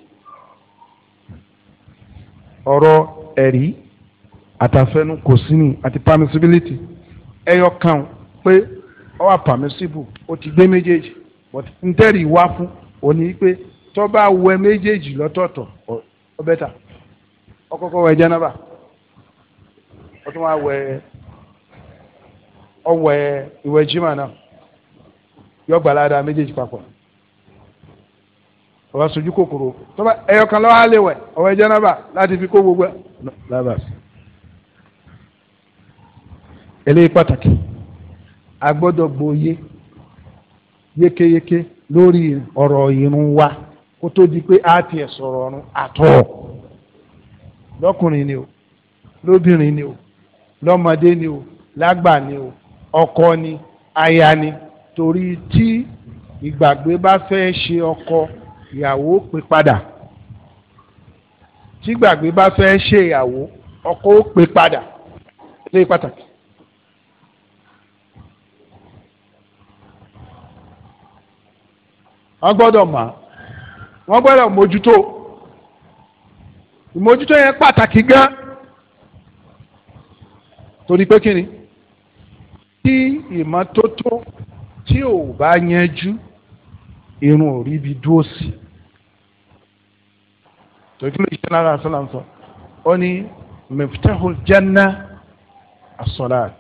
ọ̀rọ̀ ẹ̀rí àtàfẹ́nu kò sí ni àti permissibility ẹyọ pé ó wà permissible ó ti gbé méjèèjì but ntẹ́rì wá fún òní pé tó wẹ méjèèjì lọ́tọ̀ọ̀tọ̀ ó bẹ́tà ó wẹ jẹ́nàbà ó tún wá wẹ ọba aṣojú kòkòrò tọ́ba ẹyọ kan lọ alẹ́ wẹ̀ ọwọ́ ẹjẹ́ náà láti fi kó gbogbo ẹ̀ eléyìí pàtàkì a gbọ́dọ̀ gbòye yékéyéké lórí ọ̀rọ̀ irun wa kó tó di pé a tiẹ̀ sọ̀rọ̀ ọkọ ìyàwó pè padà tí gbàgbé bá fẹ́ ṣe ìyàwó ọkọ ó pè padà lé pàtàkì. wọ́n gbọ́dọ̀ mọ̀ wọ́n gbọ́dọ̀ mójútó ìmójútó yẹn pàtàkì gan torí pé kí ni tí ìmọ́tótó tí ò bá yanjú irun ò ríbi dúró sí tòkí ló ṣe lára àṣọ làǹsọ ó ní miftahul janna as-salat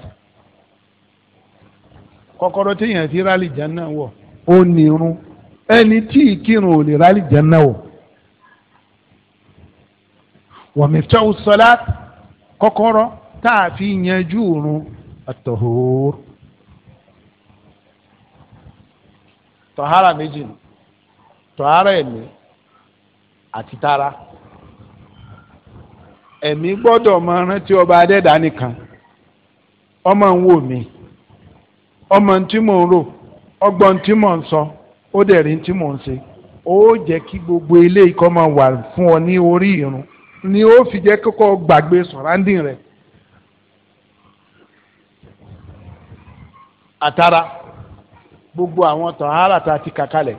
kọ́kọ́rọ́ téèyàn ti rálì janna wọ̀ ó ní irun ẹni tí ìkírun ò lè rálì janna wọ̀ wa miftahu salat kọ́kọ́rọ́ tá a fi yanjú òrun àtọ̀hóor. tọ̀hárà méjì tọ̀hárà ẹ̀mí àti tara ẹ̀mí gbọ́dọ̀ máa rántí ọba adẹ́dá nìkan ọmọ ń wò mí ọmọ tí mò ń rò ọgbọ́n tí mò ń sọ ó dẹ̀ rí tí mò ń ṣe ó jẹ́ kí gbogbo eléyìí kó máa wà fún ọ ní orí irun ni ó fi jẹ́ kókó gbàgbé sọ̀rándìn rẹ̀ àtàrà gbogbo àwọn tọ̀hárà tá a ti kàkálẹ̀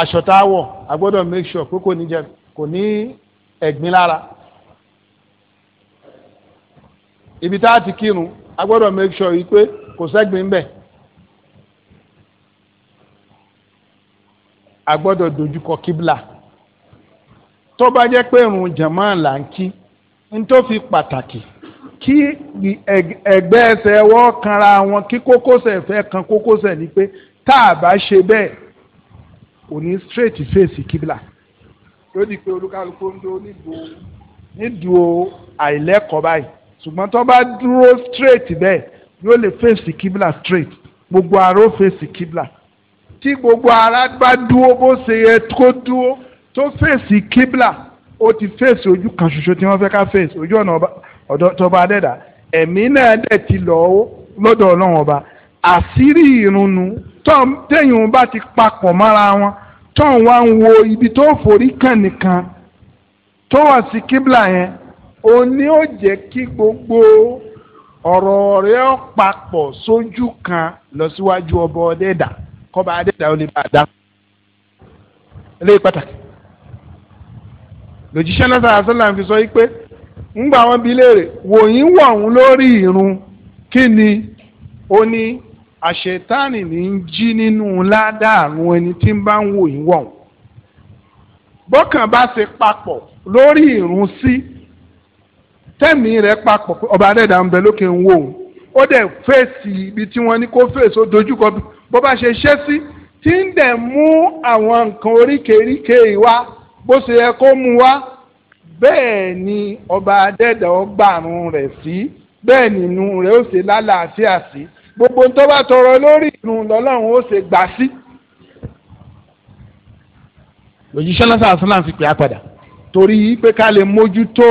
aṣọ tá a wọ̀ a gbọ́dọ̀ make sure pé kò ní jẹ kò ní ẹ̀gbin lára ibi tá a ti kírun a gbọ́dọ̀ make sure yìí pé kò sẹ́gbin ń bẹ̀ a gbọ́dọ̀ dojúkọ kíbla tó bá jẹ́ pé irun jàmáà là ń kí n tó fi pàtàkì kí ẹ̀gbẹ́ ẹsẹ̀ wọ́ kanra wọn kí kókósẹ̀ fẹ́ kan kókósẹ̀ ni pé tá a bá ṣe bẹ́ẹ̀ òní straight face kíbla. Si yóò di pé olúkálukú ń dúró nídùú nídùú àìlẹ́kọ̀ọ́ báyìí ṣùgbọ́n tó bá dúró straight bẹ́ẹ̀ yóò lè fèsì kíbla straight gbogbo ara ó fèsì kíbla tí gbogbo ara bá dúró bó ṣe yẹ kó dúró tó fèsì kíbla ó ti fèsì ojú kan ṣoṣo tí wọ́n fẹ́ ká fèsì ojú ọ̀nà ọ̀dọ́ tó bá dẹ̀dà ẹ̀mí náà dẹ̀ ti lọ lọ́dọ̀ ọlọ́run ọba àṣírí ìrunnu tẹ́yìn bá ti papọ̀ mọ́ra wọn tóun wá ń wo ibi tó forí kàn nìkan tó wà sí kíbla yẹn òní ó jẹ́ kí gbogbo ọ̀rọ̀ rẹ̀ ó papọ̀ sójú kan lọ síwájú ọba ọdẹ́dà kọba adẹ́dà ó lè bá a dá. eléyìí pàtàkì lòjíṣẹ́ náà sàrà sọ́là fi sọ yìí pé ńgbà wọn bi léèrè wòyí wọ̀hún lórí ìrun kí ni ó ní àṣetáàní ní ń jí nínú ládàrún ẹni tí ń bá ń wò yín wọ̀n bọ́kàn bá ṣe papọ̀ lórí ìrun sí tẹ́mi rẹ̀ papọ̀ ọba adẹ́dà ń bẹ lókè ń wò ó ó dẹ̀ fèsì ibi tí wọ́n ní kó fèsì ó dojúkọ bó bá ṣe ṣe sí tí ń dẹ̀ mú àwọn nǹkan oríkèéríkèé wá bó ṣe yẹ kó mú wá bẹ́ẹ̀ ni ọba adẹ́dà ọgbàrún rẹ̀ sí bẹ́ẹ̀ nínú rẹ̀ ó ṣe lálàáfíà sí. Si gbogbo tó bá tọrọ lórí ìdùn lọ́lọ́run ó ṣe gbà sí. òjíṣẹ́ lọ́sàn àṣàlàn fi pè á padà torí pé ká lè mójútó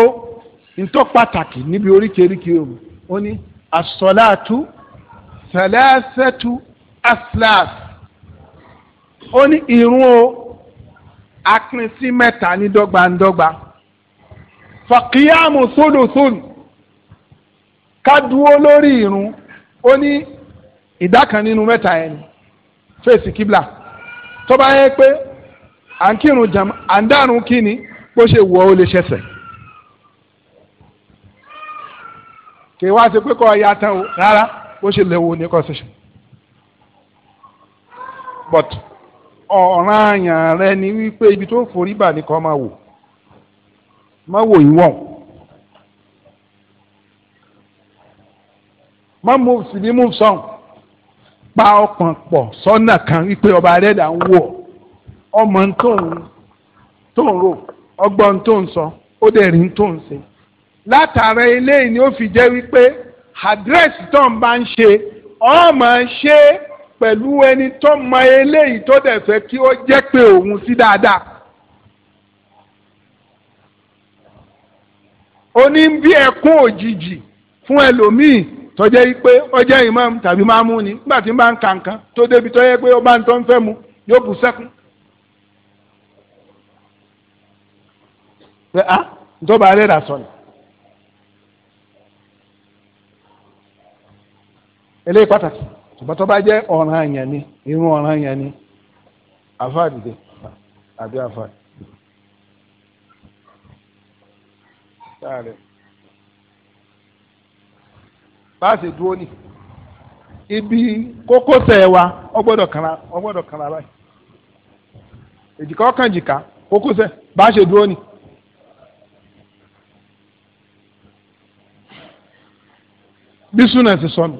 ntọ́ pàtàkì níbi oríkèéríkèé òun ó ní asọ́láàtú sẹ̀lẹ́sẹ̀tú aslas ó ní irun o apin sí mẹ́ta ní dọ́gbandọ́gba fàkíyàmù sódòsódò ká dúró lórí irun ó ní ìdá kan nínú mẹ́ta yẹn ni fèsì kíbla tó bá yẹ pé à ń kírun jàmá à ń dànù kíni bó ṣe wọ ó lè ṣẹṣẹ. kì í wá sí pé kọ́ ọ ya tán o rárá bó ṣe lè wo ní kọ́ ṣẹṣẹ. but ọ̀ràn àyàn rẹ ni wípé ibi tó forí bà ní kọ́ máa wò má wò ìwọ̀n. má move sí ní move song pa ọkàn pọ̀ sọ́nà kan wípé ọba adẹ́dà ń wò ọmọ tó ń tó ń rò ọgbọ́n tó ń sọ ó dẹ̀ rí tó ń ṣe látara eléyìí ni ó fi jẹ́ wípé àdírẹ́sì tó ń bá ń ṣe ọmọ ṣe pẹ̀lú ẹni tó mọ eléyìí tó dẹ̀ fẹ́ kí ó jẹ́ pé òun sí dáadáa. ó bí ẹkún òjijì fún ẹlòmíì tọ́jẹ́ ikpe ọjẹ́ imam tàbí máàmù ni nígbà tí n bá ń ka nǹkan tó débi pé ọba ń tọ́ ń fẹ́ mu sẹ́kùn. pé a ah, alẹ́ eléyìí pàtàkì bá a ṣe dúró nì ibi kókósẹ̀ wa ọgbọ́dọ̀ kanra ọgbọ́dọ̀ kanra báyìí èjìká ọkàn jìká kókósẹ̀ bá a ṣe dúró nì. bí súnà ti sọnù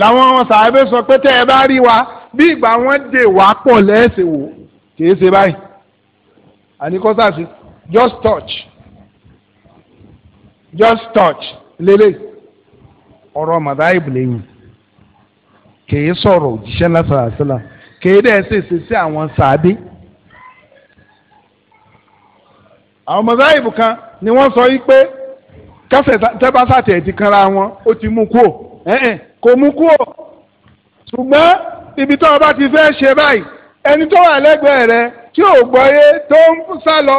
làwọn sàbẹ̀ sọ pé tẹ́ ẹ bá rí wa bí ìgbà wọn dè wá pọ̀ lẹ́sẹ̀ wò kì í ṣe báyìí àníkọ́sà just touch just touch lélẹ́yìí ọ̀rọ̀ mọ̀dáìbù lẹ́yìn kèé sọ̀rọ̀ òjíṣẹ́ lásàlásílà kèé dẹ́ ṣèṣe sí àwọn sàádé. àwọn mọ̀dáìbù kan ni wọ́n sọ yí pé kẹsẹ̀ tẹ́básàtì ẹ̀ ti kanra wọn ó ti mú kúò ẹ̀ẹ́n kò mú kúò ṣùgbọ́n ibi tó o bá ti fẹ́ ṣe báyìí ẹni tó wà lẹ́gbẹ̀ẹ́ rẹ tí ò gbọ́yé tó ń sá lọ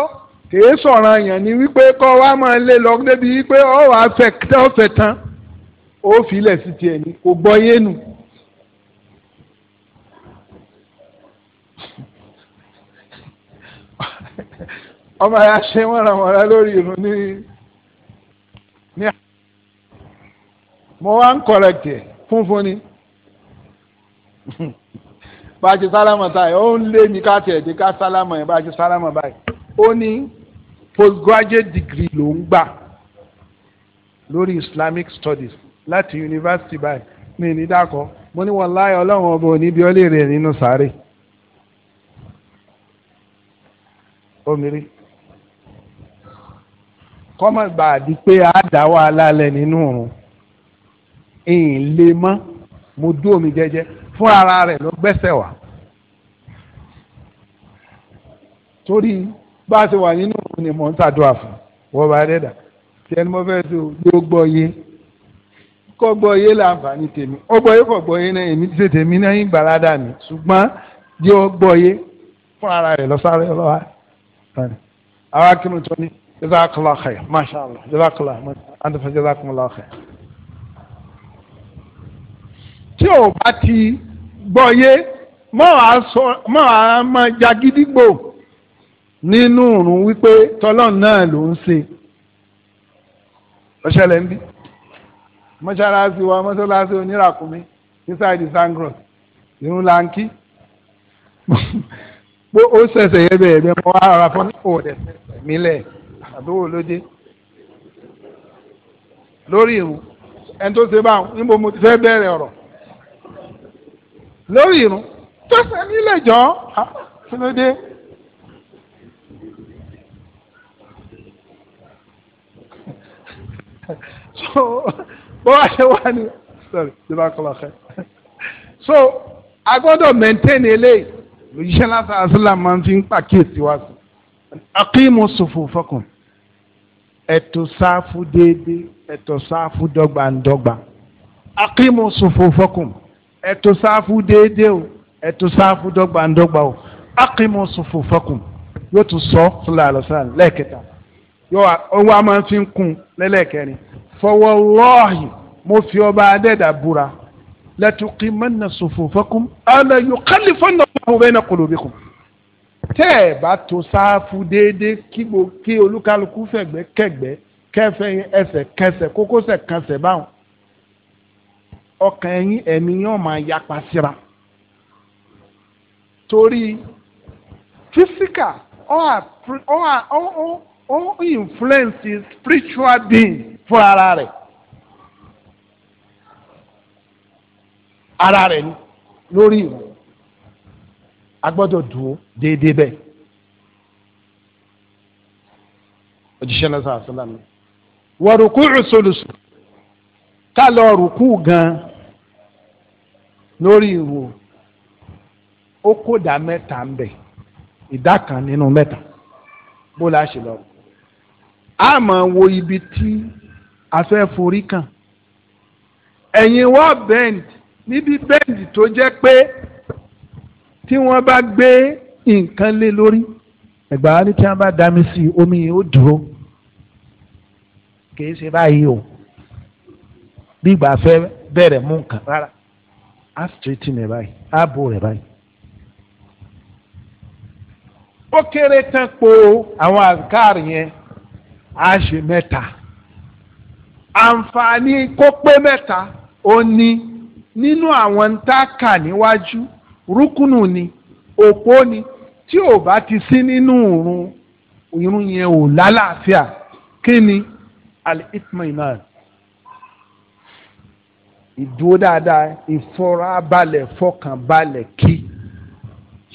kèé sọ̀ràn yẹn ni wípé kọ́ wa máa lé lọ débi wípé ọ̀ wá fẹ̀ tán ó fi ilẹ̀ sí tiẹ̀ ní kò gbọ́ yéénu. ọmọ ya ṣe mọ̀rànmọ̀rà lórí irun ní ní mo wá ń kọ̀rẹ̀tì ẹ̀ fúnfun ni báàjì sálámà táyà ó ń lé ní káàtì ẹ̀dí ká sálámà yẹn báàjì sálámà báyìí ó ní postgraduate degree ló ń gbà lórí Islamic studies láti yunifásitì báyìí ní ìnídàkọ mo ní wọn láyọ Ọlọ́run ọba òní bí ó lè rè nínú sáré omiri kọ́mọ̀ gbàdí pé a dá wàhálà lẹ̀ nínú òrùn èyí lè mọ́ mo dú omi jẹ́jẹ́ fún ara rẹ̀ ló gbẹ́sẹ̀ wá torí bá a ṣe wà nínú òrùn ni mò ń tàdúrà fún wọ́n bá dẹ́dà tí ẹni mo fẹ́ so yóò gbọ́ yé kọ́ gbọ́ yé láǹfààní tèmi ó gbọ́ yé kọ́ gbọ́ yé náà èmi ṣe tèmi náà yín gbàládà mi ṣùgbọ́n yóò gbọ́ yé fún ara rẹ̀ lọ́sàrẹ́ lọ́wọ́ àwọn akínú tó ní jazakallah khair masha allah jazakallah antafa jazakallah khair. tí o bá ti gbọ́ yé mọ́ àá máa jagídígbò nínú òrùn wípé tọ́lọ́n náà ló ń ṣe ọ̀ṣẹ́lẹ̀ ń bí mọ́ṣáláṣí wa mọ́ṣáláṣí oníràkúnmí inside sangros irun lanki pé ó ṣẹ̀ṣẹ̀ yẹ bẹ́ẹ̀ bẹ́ẹ̀ mọ́ ara fún òòdẹ̀ mílẹ̀ àbúrò lóde lórí irun ẹni tó ṣe báwọn níbo mo ti fẹ́ bẹ̀rẹ̀ ọ̀rọ̀ lórí irun tó ṣe nílẹ̀ jọ́ kí ló dé. so bọ́wá ṣe wá ní sorry ṣe bá kọlọ xẹ. so a gbọ́dọ̀ maintain eléyìí lójúṣẹ́ lásán asúlá máa ń fi ń pàkíyèsí wá sí. aqimu sufufakum ẹ̀tọ́ sáfù déédéé ẹ̀tọ́ sáfù dọ́gbandọ́gba. aqimu sufufakum ẹ̀tọ́ sáfù déédéé o ẹ̀tọ́ sáfù dọ́gbandọ́gba o aqimu sufufakum yóò tún sọ fúlàlọ́sàn lẹ́ẹ̀kẹta yóò wá máa ń fi ń kún lẹ́lẹ́kẹrin fọwọ́lọ́ọ̀hìn mo fi ọba adẹ́dà búra lẹ́tùkì mẹ́nà sòfòfẹ́kùn ala yukallifanna Allahu bayna qulubikum. tẹ́ ẹ bá tó sáfù déédéé kí gbogbo kí olúkálukú fẹ̀gbẹ́ kẹ̀gbẹ́ kẹfẹ́ ẹsẹ̀ kẹsẹ̀ kókósẹ̀ kẹsẹ̀ báwọn ọkàn ẹ̀yìn ẹ̀mí yóò máa yapa síra torí physical or influence spiritual being. fúnra ara rẹ̀ ara rẹ̀ lórí ìwọ a gbọ́dọ̀ dùn déédéé bẹ́ẹ̀ òjíṣẹ́ náà sàásì lánàá wọ́n rùkú ìṣòlùsù ká rùkú gan-an lórí ìwọ ó kódà mẹ́ta ń bẹ ìdá kan nínú mẹ́ta bó la ṣe lọ a máa wo ibi tí. afẹ́ forí kan ẹ̀yìn wá bend níbi bend tó jẹ́ pé tí wọ́n bá gbé nǹkan lé lórí ẹ̀gbà wa ní tí wọ́n bá dá mi sí omi yìí ó dúró kì í ṣe báyìí o bí ìgbà fẹ́ bẹ̀rẹ̀ mú nǹkan rárá á straighten ẹ̀ báyìí á bò rẹ̀ báyìí ó kéré tán po àwọn àkáàrì yẹn á ṣe mẹ́ta àǹfààní kó mẹ́ta ó ní nínú àwọn ń tá kà níwájú rúkúnù ni òpó ni tí ò bá ti sí nínú ìrun ìrun yẹn ò lálàáfíà kí ni al-itminan ìdúró dáadáa ìfọrabalẹ̀ fọkànbalẹ̀ kí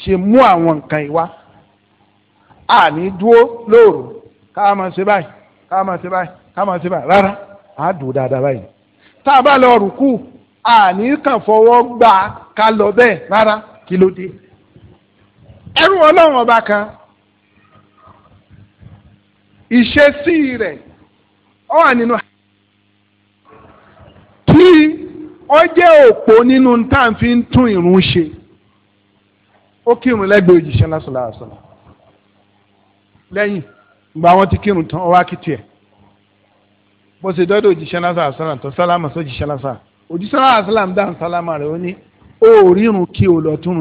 ṣe mú àwọn nǹkan ìwá àní dúró lóòrò ká máa ṣe báyìí ká máa ṣe báyìí ká máa ṣe báyìí rárá á dùn dáadáa báyìí tá a bá lọ rùkú àní kàn fọwọ́ gbà ká lọ bẹ́ẹ̀ rárá kí ló dé ẹrú ọlọ́run ọba kan ìṣesí rẹ̀ ó wà nínú kí ó jẹ́ òpó nínú tá à ń fi tún ìrun ṣe ó kírun lẹ́gbẹ̀ẹ́ òjìṣẹ́ lásán lásán lẹ́yìn ìgbà wọn ti kírun tán ó wá kí tiẹ̀ bó ṣe dọ́dọ̀ òjíṣẹ́ lásán àṣàlám tó sálámà sójíṣẹ́ lásán òjíṣẹ́ dáhùn sálámà rẹ̀ ó ní ó rírun kí o lọ tún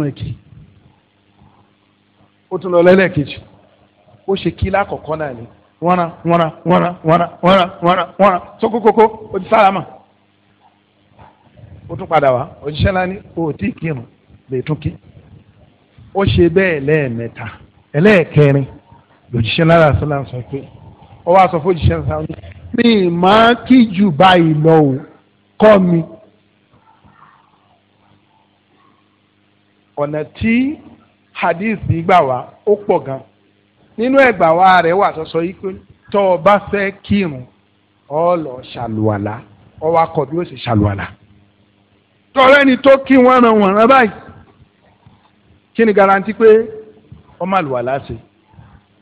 lọ lẹ́lẹ́kejì ó ṣe kí lákọ̀ọ́kọ́ náà ni wọ́nra wọ́nra wọ́nra wọ́nra wọ́nra wọ́nra sókókókó òjíṣẹ́ sálámà ó tún padà wá òjíṣẹ́ lá o ò tí ì kírun lè tún kí ó ṣe bẹ́ẹ̀ lẹ́ẹ̀mẹ́ta ẹlẹ́ẹ̀kẹrin lòjíṣẹ́ lára àṣàlám sọ pé ó wá fún òjíṣẹ́ sálámà mi máa kí jù báyìí lọ o kọ́ mi. ọ̀nà tí hadith yìí gbà wá ó pọ̀ gan nínú ẹ̀gbà wa rẹ̀ wà sọ́sọ́ yìí pé tọ́ ọ bá fẹ́ kírun ọ lọ ṣàlùwàlà ọ wá kọ bí ó ṣe ṣàlùwàlà. tọ́lẹ́ ni tó kí wọ́n ran wọ̀nrán báyìí kí ni garanti pé ọ má lùwàlà ṣe.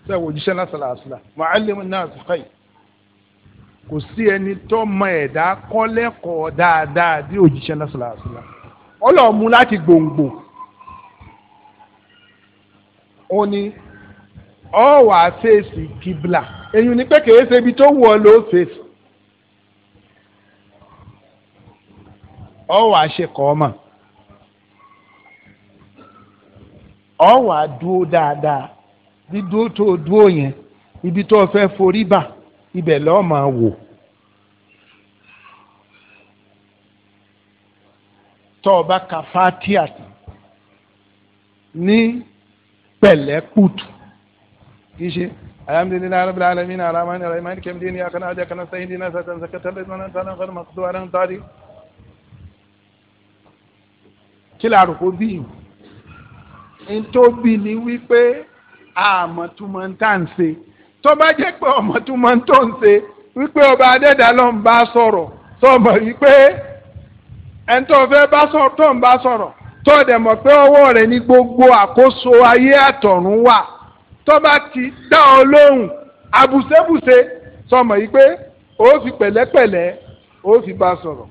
sẹ́wọ̀n òjíṣẹ́ náà sọ̀rọ̀ àṣìlá màálímù náà sọ̀rọ̀ yìí kò sí ẹni tó mọ ẹ̀dá kọ́ lẹ́kọ̀ọ́ dáadáa bí òjíṣẹ́ lásìlàsìlà ọlọ́ọ̀mú láti gbòǹgbò ó ní ọ wà fèsì kíbla èyí ni pé kèé ṣe ibi tó wù ọ ló fèsì ọ wà ṣe kọ́ ọ wà dúó dáadáa dídúó tó dúó yẹn ibi tó fẹ́ forí bà ibẹ̀ lọ́ọ́ máa wò. tọ́ ọ bá ka fatia tán ní pẹ̀lẹ́kùtù kì í ṣe alhamdulilayi arabi alamin aramani aramani kẹmdi ni akana ajá kana sẹyìn dina satan sakata lẹsán náà tánà fẹrẹ makutu ara ń tari. kí la rògbò bí n tó ni wípé àmọ̀túmọ̀ ń ń ṣe tó bá jẹ́ pé ọmọ tó máa ń tó ń ṣe wípé ọba adẹ́dà ló ń bá sọ̀rọ̀ tó mọ̀ wípé ẹni tó fẹ́ bá sọ̀rọ̀ tó ń bá sọ̀rọ̀ tó dẹ̀ mọ̀ pé ọwọ́ rẹ̀ ní gbogbo àkóso ayé àtọ̀run wà tó ti dá ọ lóhùn àbùsẹ́bùsẹ́ tó mọ̀ wípé ó fi pẹ̀lẹ́pẹ̀lẹ́ o fi bá sọ̀rọ̀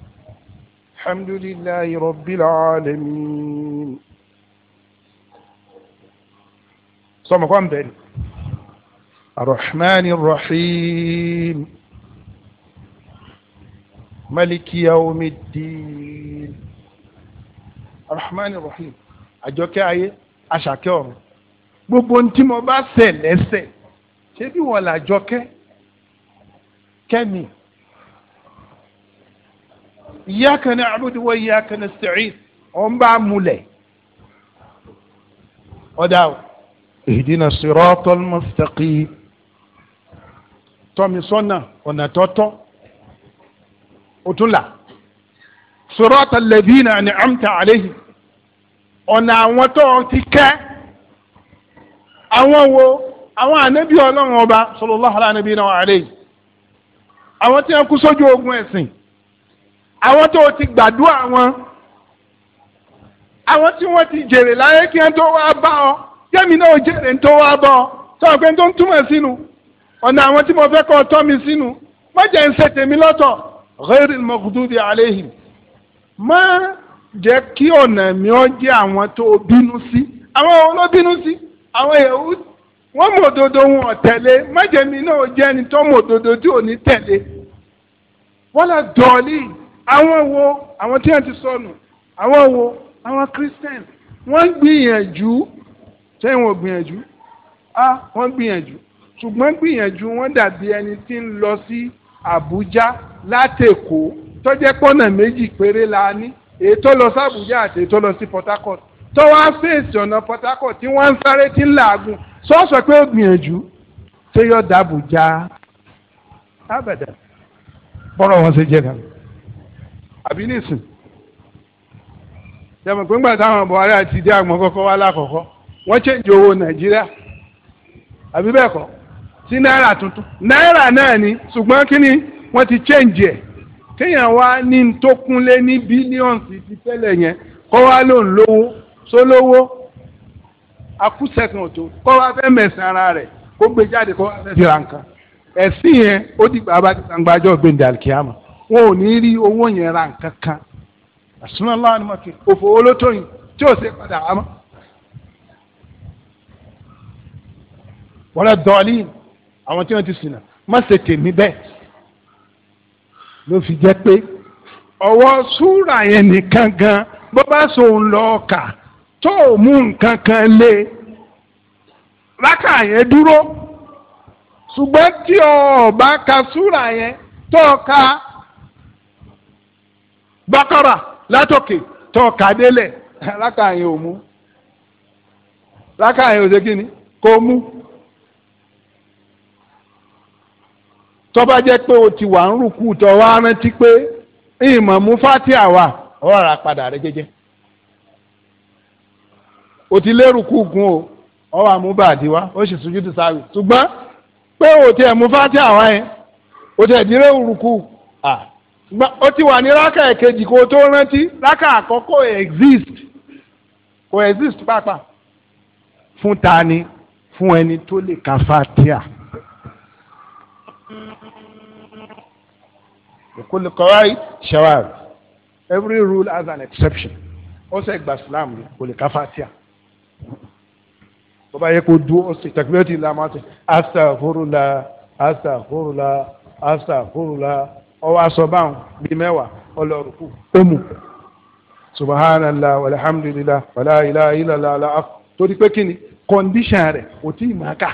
alhamdulillahi rabbil alamin sọmọkàn bẹ́ẹ̀ ni. الرحمن الرحيم ملك يوم الدين الرحمن الرحيم àjọkẹ́ ayé aṣàkẹ́ ọ̀run gbogbo ohun tí mo bá ṣẹ̀ lẹ́ṣẹ̀ ṣé bí wọ́n làjọkẹ́ kẹ́mi iyyaka na'budu wa iyyaka nasta'in ọ̀n bá múlẹ̀ ọ̀dà ihdina siratal mustaqim. tọ́mi sọ́nà ọ̀nà tọ́tọ́ o na là sirata alladhina an'amta àwọn tó ti àwọn wo àwọn anabi ọlọ́run ọba sallallahu ala nabina wa alayhi àwọn tí ogun ẹ̀sìn àwọn tó ti gbàdúrà wọn àwọn tí ti jèrè láyé kí wọ́n tó wá ọ̀nà àwọn tí mo fẹ́ kọ́ tọ́ mi sínú má jẹ́ ń ṣe tèmi lọ́tọ̀ ghayril maghdubi alayhim má jẹ́ kí ọ̀nà mi ó jẹ́ àwọn tó bínú sí àwọn òun sí àwọn Yahudi wọ́n mọ̀ òdodo wọn ò tẹ̀lé má jẹ́ mi náà jẹ́ ẹni tó mọ̀ òdodo tí ò ní tẹ̀lé wala dọ̀ọ́lì àwọn wo àwọn tí wọ́n ti sọnù àwọn wo àwọn Christian wọ́n gbìyànjú ṣé gbìyànjú ah wọ́n gbìyànjú ṣùgbọ́n gbìyànjú wọn dàbí ẹni tí ń lọ sí Àbújá látèkó tó jẹ́ pọ́nà méjì péré la ní èyí tó lọ sí Àbújá àti èyí tó lọ sí Port Harcourt tó wá fèsì ọ̀nà Port Harcourt tí wọ́n ń sáré tí ń làágùn sọ́ọ̀sọ̀ pé ó gbìyànjú tó yọ dàbújá abẹ́dẹ̀ bọ́rọ̀ wọn ṣe jẹ́ kan àbí nìsín yàmọ̀ pé ńgbà táwọn Buhari àti ìdí àgbọ̀n kọ́kọ́ wá lákọ̀ọ́kọ́ wọ́n ṣèǹjì owó Nàìjíríà àbí bẹ́ẹ̀ kọ́ sí náírà tuntun náírà náà ni ṣùgbọ́n kí wọ́n ti change ẹ̀ kéèyàn wá ní tó kúnlé ní bílíọ̀nù ti tẹ́lẹ̀ yẹn kọ́ wá lówó sólówó akúṣẹ̀kan ọ̀tọ̀ kọ́ wá fẹ́ mẹ̀sán ara rẹ̀ kó gbé jáde kan àṣùnà láàánú òfò tí ò padà wá mọ́. àwọn tí wọ́n ti sìnà má ṣe tèmi bẹ́ẹ̀ ló fi jẹ́ pé ọwọ́ súrà yẹn nìkan gan bó bá sòun lọ kà tó o mú nǹkan kan lé rákà yẹn dúró ṣùgbọ́n tí o bá ka súrà yẹn tó o ka bákàrà látòkè tó o kà délẹ̀ rákà yẹn ò mú rákà yẹn ò ṣe kí ni kò mú. tó bá pé o ti wà ń rúkú tó wá rántí pé ìmọ̀ mú fátíà wà ó rà padà rẹ jẹ́jẹ́ o ti lérúkú gun o ọ wà mú wá ó sì sujúdù sáré ṣùgbọ́n pé o tiẹ̀ mú fátíà wá yẹn o tiẹ̀ dín lérúkú à ṣùgbọ́n o ti wà ní rákà ẹ̀kejì kó o tó rántí rákà àkọ́kọ́ exist kò exist pàápàá fún ta ni fún ẹni tó lè ka fatia. ìkúlẹ̀ kọ́wáì ṣàwáàrì every rule has an exception ó sẹ́ gba Islam kò lè ka fatia bó bá yẹ kó dúró ó sì tẹkílẹ́tì lamá sí astaghfirullah astaghfirullah astaghfirullah ọwọ́ aṣọ báwọn bíi mẹ́wàá ọlọ́rùkù ọmú subhanallah walhamdulillah wala ilaha illallah la af torí pé kí ni condition rẹ̀ kò tí ì máa kà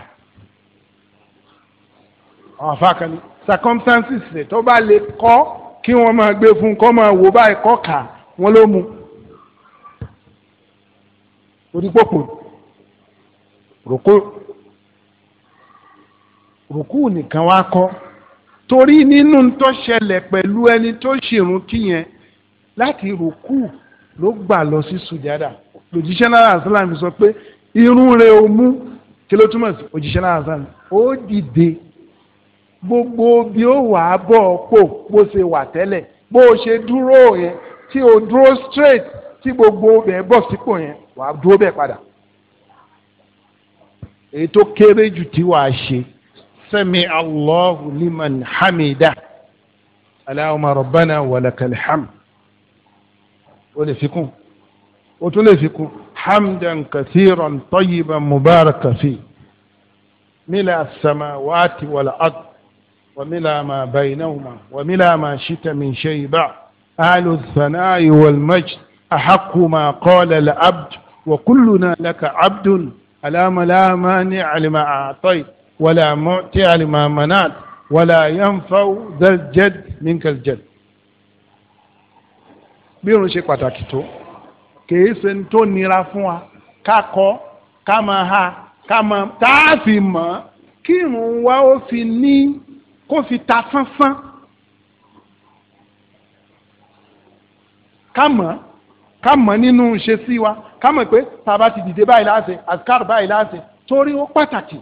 àwọn afáàkà ni circumstances rẹ̀ tó bá lè kọ́ kí wọ́n máa gbé fún un kọ́ máa wò báyìí kọ́ kà wọ́n ló mu onípòpò rògbò rùkú nìkan wá kọ́ torí nínú tó ṣẹlẹ̀ pẹ̀lú ẹni tó ṣèrún kíyẹn láti rùkú ló gbà lọ sí sùjádà lòjíṣẹ́ náírà sálàmì sọ pé irun rẹ̀ ò mú kí ló túmọ̀ sí òjíṣẹ́ náírà sálàmì ó dìde gbogbo bí ó wà á bọ̀ pò bó ṣe wà tẹ́lẹ̀ bó o ṣe dúró yẹn tí o dúró straight tí gbogbo bẹ̀ bọ̀ sípò yẹn wà á dúró bẹ̀ padà. èyí tó kéré jù tí wàá ṣe sami allahu liman hamida allahumma rabbana walakal hamd o lè fi kún o tún lè fi kún hamdan kathiran tayyiban mubarakan fi mila samawati wal ard. وملا ما بينهما وملا ما شئت من شيء بعد أهل الثناء والمجد أحق ما قال العبد وكلنا لك عبد ألام لا مانع لما أعطيت ولا معطي لما منعت ولا ينفع ذا الجد منك الجد bí irun ṣe pàtàkì tó kìí ṣe ní tó nira fún wa ká kọ ká máa ha ká máa tá a fi mọ̀ kí irun wa ó fi ní kó fi ta fánfán ká mọ̀ ṣe sí wa ká pé tàbá ti dìde báyìí láàṣẹ àtikárù báyìí láàṣẹ torí ó pàtàkì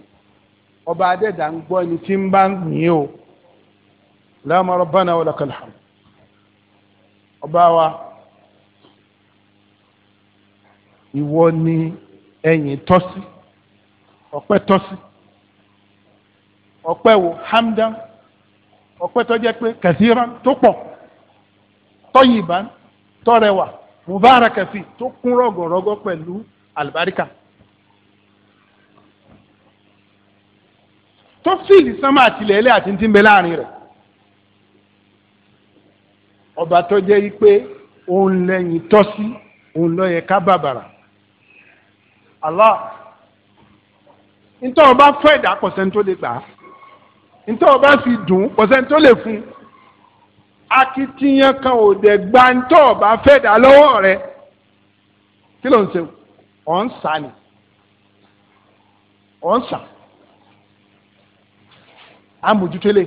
ọba adẹ́dà ń gbọ́ ẹni tí ń bá ní o lama rabbana wa ọba wa ọpẹ́ tó jẹ́ pé kẹsíran tó pọ̀ tọyìnbá tọrẹwà mubarakasi tó kún rọgọrọgọ pẹ̀lú alibarika tó fìlì sánmà àtìlẹ̀ ẹlẹ́ àti ti ń bẹ láàrin ọba tó yí pé òun òun lọ yẹ ká bàbàrà tó lè gbà ntọ́ ọba fi dùn pọ̀sẹ́ni tó lè fún akitiyan kan ò dẹ̀ gba ntọ́ ọba fẹ́ dà lọ́wọ́ rẹ kí ló ń ṣe ọ̀ ń sá ni ọ̀ ń sá amójútélé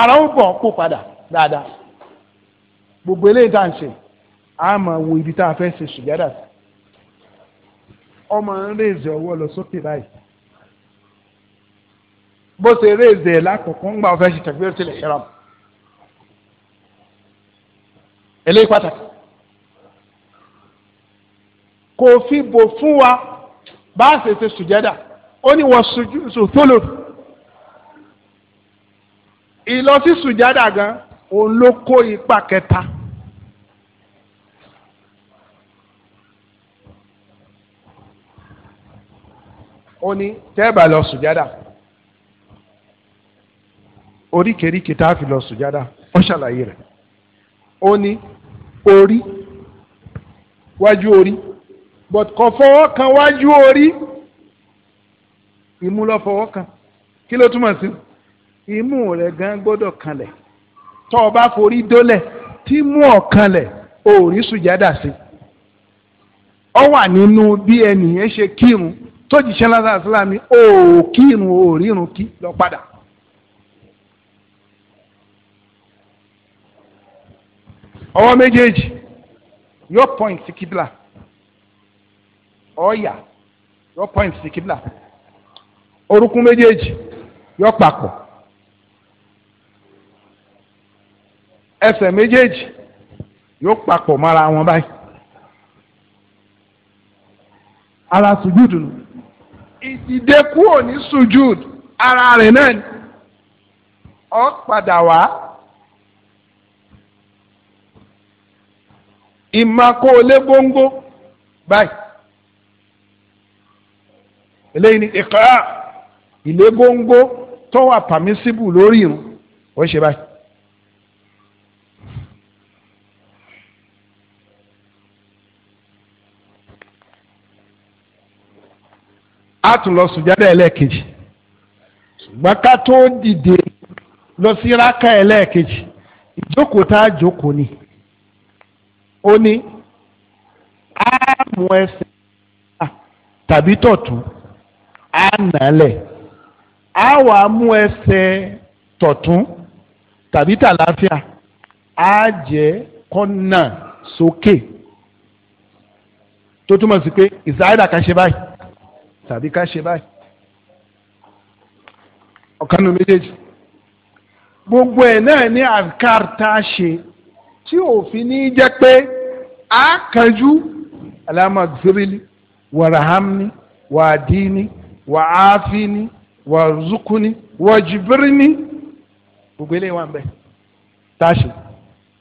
ara ó bọ̀ kó padà dáadáa gbogbo eléyìí tá à ń ṣe a máa wo ibi tá a fẹ́ ṣe ṣùgbọ́n dà sí ọmọ ń rèézè ọwọ́ lọ sókè báyìí bó ṣe eré ìzè lákòókò ńgbà ọ̀fẹ́ ṣe tẹ̀gbẹ́ tilẹ̀ ìrọ̀m eléyìí pàtàkì kò fi bò fún wa bá a ṣe ṣe sùjẹ́dà ó ní wọ́n sùtólò ìlọsí sùjẹ́dà gan òun ló kó ipa kẹta. ó ní tẹ́ẹ̀bà lọ sùjádà oríkèéríkèé tá a fi ó ṣàlàyé rẹ̀ ó ní orí wájú orí but kò fọwọ́ kan wájú orí ìmú lọ fọwọ́ kan kí ló túmọ̀ sí ìmú rẹ̀ gan kanlẹ̀ o bá forí dólẹ̀ tí mú o sùjádà ọwọ́ méjèèjì Your point sí kíbla ọ̀ọ́yà your point sí kíbla orúnkún méjèèjì yóò papọ̀ ẹsẹ̀ méjèèjì yóò papọ̀ mọ́ra wọn báyìí ara sùjúdù nù ìdìde kúrò ní sùjúdù ara rẹ̀ náà ó padà wá. ìmakóolé góńgó báyìí eléyìí ni ìkọ́ra ilé góńgó tó wà pàmísíbù lórí irun ó ṣe báyìí. a tún lọ sùjádà ẹlẹ́ẹ̀kejì ṣùgbọ́n ká tó dìde lọ sí rákà ẹlẹ́ẹ̀kejì ìjókòó tá a jókòó ni ó ní áàmù ẹsẹ̀ tàbí tọ̀tún á nàálẹ̀ á wà mú ẹsẹ̀ tọ̀tún tàbí tàlàáfíà á jẹ́ kọ́nà sókè tó túmọ̀ sí pé ìsáyédà ká ṣe báyìí tàbí ká ṣe báyìí ọ̀kanu méjèèjì gbogbo ẹ̀ náà ní àkàr tá a ṣe tí òfin ní jẹ́ pé a kanjú alámàgbérílì wàràhámni wàdíní wàáfíní wàrúzúkúní wàjìbíríní gbogbo eléyìí wà ń bẹ táṣì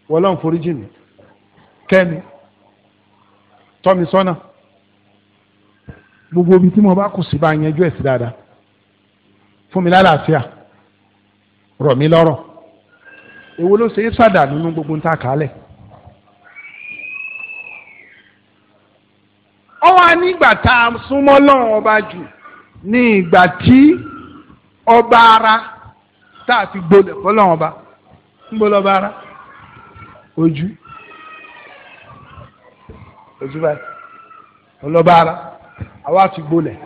wọlọ́n foríjìnì kẹ́mi tọ́mi sọ́nà gbogbo ibi tí mo bá kù sí bá yanjú ẹ̀ sí dáadáa fún mi lálàáfíà rọ̀ mí lọ́rọ̀. Ewo ló ṣe é sàdánù nínú gbogbo nta kálẹ̀. ó wá nígbà tá a súnmọ́ lọ́wọ́ ọba jù ní ìgbà tí ọba ara tá a fi gbolẹ̀ fọ́ lọ́wọ́ ọba ń bọ́ lọ́ba ara ojú ojú báyìí ọlọ́ba ara àwa ti gbolẹ̀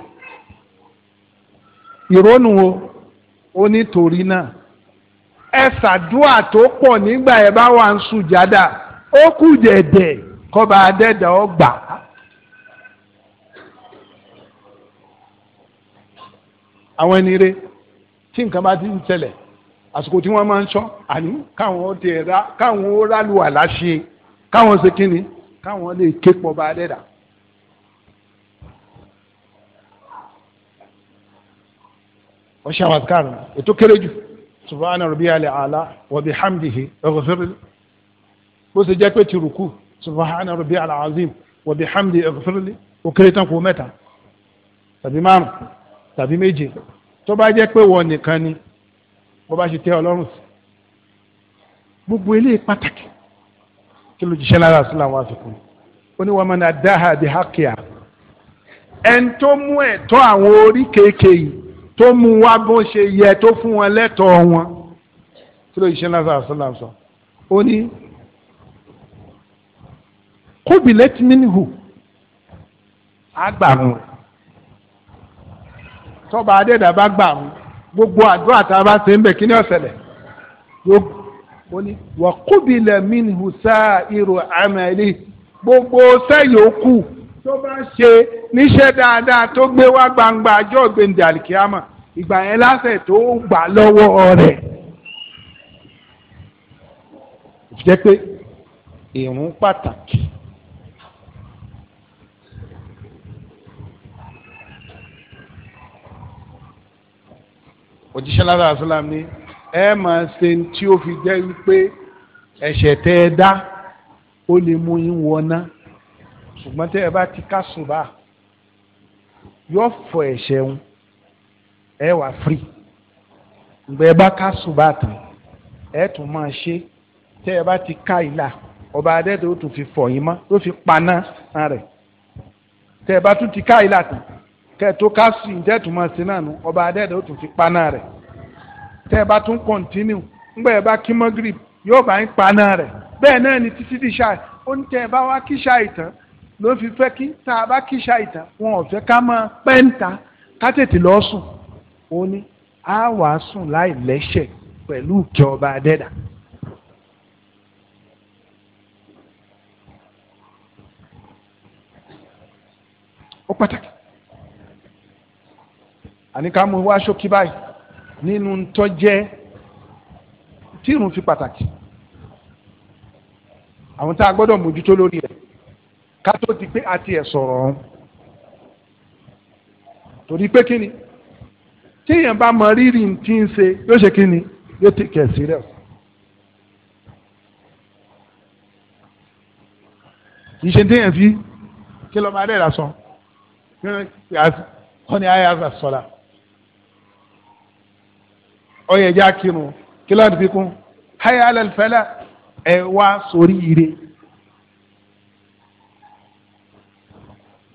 ìrónú o ó náà ẹ ṣàdúà tó pọ̀ nígbà ẹ bá wà ń sùjádà ó kù dẹ̀dẹ̀ kọba adẹ́dà ó gbà. àwọn ẹni rẹ tí nǹkan bá ti ń ṣẹlẹ̀ àsìkò tí wọ́n máa ń sọ àní káwọn ó rálùwà láṣẹ káwọn ṣe kínni káwọn lè ké pọ̀ bá adẹ́dà. wọ́n ṣe àwọn àtikáàrùn ètò kéré jù subhana rabbiyal ala wa bihamdihi ighfir li bó ṣe jẹ́ pé ti rùkú subhana rabbiyal azim wa bihamdihi ighfir li ó kéré tán kó mẹ́ta tàbí márùn tàbí méje tó bá jẹ́ pé wọ́n nìkan ni bó bá ṣe tẹ́ ọlọ́run sí gbogbo eléyìí pàtàkì kí ló jíṣẹ́ lára sí làwọn àfikún ó ní wàmánà dáhà bí hákìá ẹni tó mú ẹ̀tọ́ àwọn orí kéékèèyí tó mú wá bó ṣe yẹ tó fún wọn lẹ́tọ̀ọ́ wọn tí ló ṣiṣẹ́ lásán àṣàlám sọ ó ní kóbi lẹ́tìmínìhù àgbàmù tọ́ba adẹ́dà bá gbàmù gbogbo àdúrà tá a bá kí ni ó ó ní wà kóbi lẹ́mínìhù sáà irú àmàlí gbogbo sẹ́yìn kù tó bá ṣe níṣẹ́ dáadáa tó gbé wá gbangba ajọ́ ògbéǹde àlìkíyàmà ìgbà yẹn lásẹ̀ tó gbà lọ́wọ́ rẹ̀. jẹ́ pé ìrún pàtàkì. òjíṣẹ́ lára àṣọlá ni ẹ máa ṣe tí ó fi jẹ́ wípé ẹ̀ṣẹ̀ tẹ́ ẹ dá ó lè mú yín wọná ṣùgbọ́n tẹ́ ẹ bá ti ká ṣùbà yóò fọ ẹ̀ṣẹ̀ ń ẹ wà free ìgbà ẹ bá ká ṣùbà tán ẹ tún máa ṣe tẹ́ ẹ bá ti ká ìlà ọba adẹ́dẹ́ ó tún fi fọ̀ yín mọ́ ló fi paná rẹ̀ tẹ́ ẹ bá tún ti ká ìlà tán kẹ́ ẹ tó ká sí ìtẹ́tù máa ṣe náà nù ọba adẹ́dẹ́ ó tún fi paná rẹ̀ tẹ́ ẹ bá tún continue ńgbà ẹ bá kí mọ́gírì yóò bá ń paná rẹ̀ bẹ́ẹ̀ náà ni títí di ṣáà ó ń tẹ́ ẹ bá wá kí ṣáà ìtàn ló fi fẹ́ kí tá a bá kíṣà ìta wọn ò fẹ́ ká máa pẹ́ ń ta ká tètè lọ sùn ó ní á wàá sùn láì lẹ́ṣẹ̀ pẹ̀lú ìjọba adẹ́dà. ó pàtàkì àníkàmú wá ṣókí báyìí nínú tó jẹ́ fi pàtàkì àwọn tá a gbọ́dọ̀ mójútó lórí rẹ̀ kátó di pé àti ẹ̀ sọ̀rọ̀ ọ̀hún torí pé kíni tí èèyàn bá mọ rírì tí ń ṣe yóò ṣe kíni yóò ti kẹ̀ sí rẹ̀ kì í ṣe téèyàn fi kí lọ́ọ́ máa rẹ̀ rà sọ wọ́n ní ayáza sọ̀la ọ̀yẹ̀já kírun kí lọ́ọ́ ti fi kún hayalẹ̀ fẹ́lẹ̀ ẹ̀ wá sórí ire.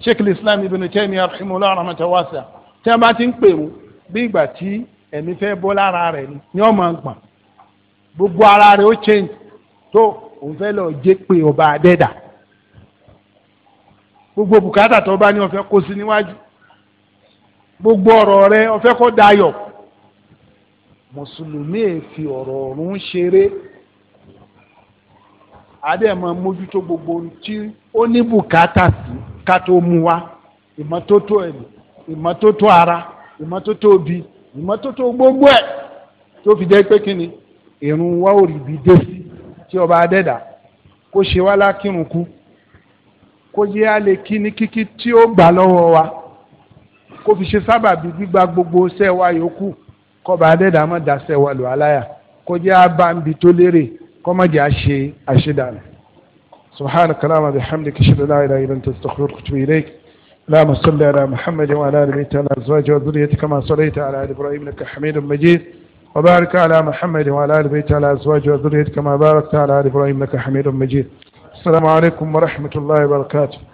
sheikh islam ibn taymiyyah rahimahullah rahmatan wasi'a tí a bá ti ń pèrò bí ìgbà tí ẹ̀mí fẹ́ bọ́ lára rẹ̀ ni ni wọ́n máa ń gbọ̀n gbogbo ara rẹ̀ ó change tó òun fẹ́ lọ jẹ́ pé ọba adẹ́dà gbogbo bùkátà tó bá ní ó kó sí níwájú gbogbo ọ̀rọ̀ rẹ̀ ó kó dayọ̀ mùsùlùmí ẹ̀ fi ọ̀rọ̀ ọ̀run ṣeré adẹ́mọ̀ mójútó gbogbo tí ó ní bùkátà sí. Si ká tó mú wa ìmọ́tótó ẹ̀mí ìmọ́tótó ara ìmọ́tótó òbí ìmọ́tótó gbogbo ẹ̀ tó fi jẹ́ pé kí ni ìrun wa ò rí ibi dé sí tí ọba adẹ́dà kó ṣe wá lákìrùn kú kó yé á lè kí ní kíkí tí ó gbà lọ́wọ́ wa kó fi ṣe sábàbí gbígba gbogbo iṣẹ́ wa yòókù kọba adẹ́dà má dá iṣẹ́ wa lò aláyà kó jẹ́ á bá ń bi tó lérè kọ́mọ̀jẹ́ ṣe àṣedànù. سبحانك اللهم بحمدك اشهد ان لا اله الا انت استغفرك واتوب اليك اللهم صل على محمد وعلى ال بيته وعلى ازواجه وذريته كما صليت على ال ابراهيم انك حميد مجيد وبارك على محمد وعلى ال بيته وعلى ازواجه وذريته كما باركت على ال ابراهيم انك حميد مجيد السلام عليكم ورحمه الله وبركاته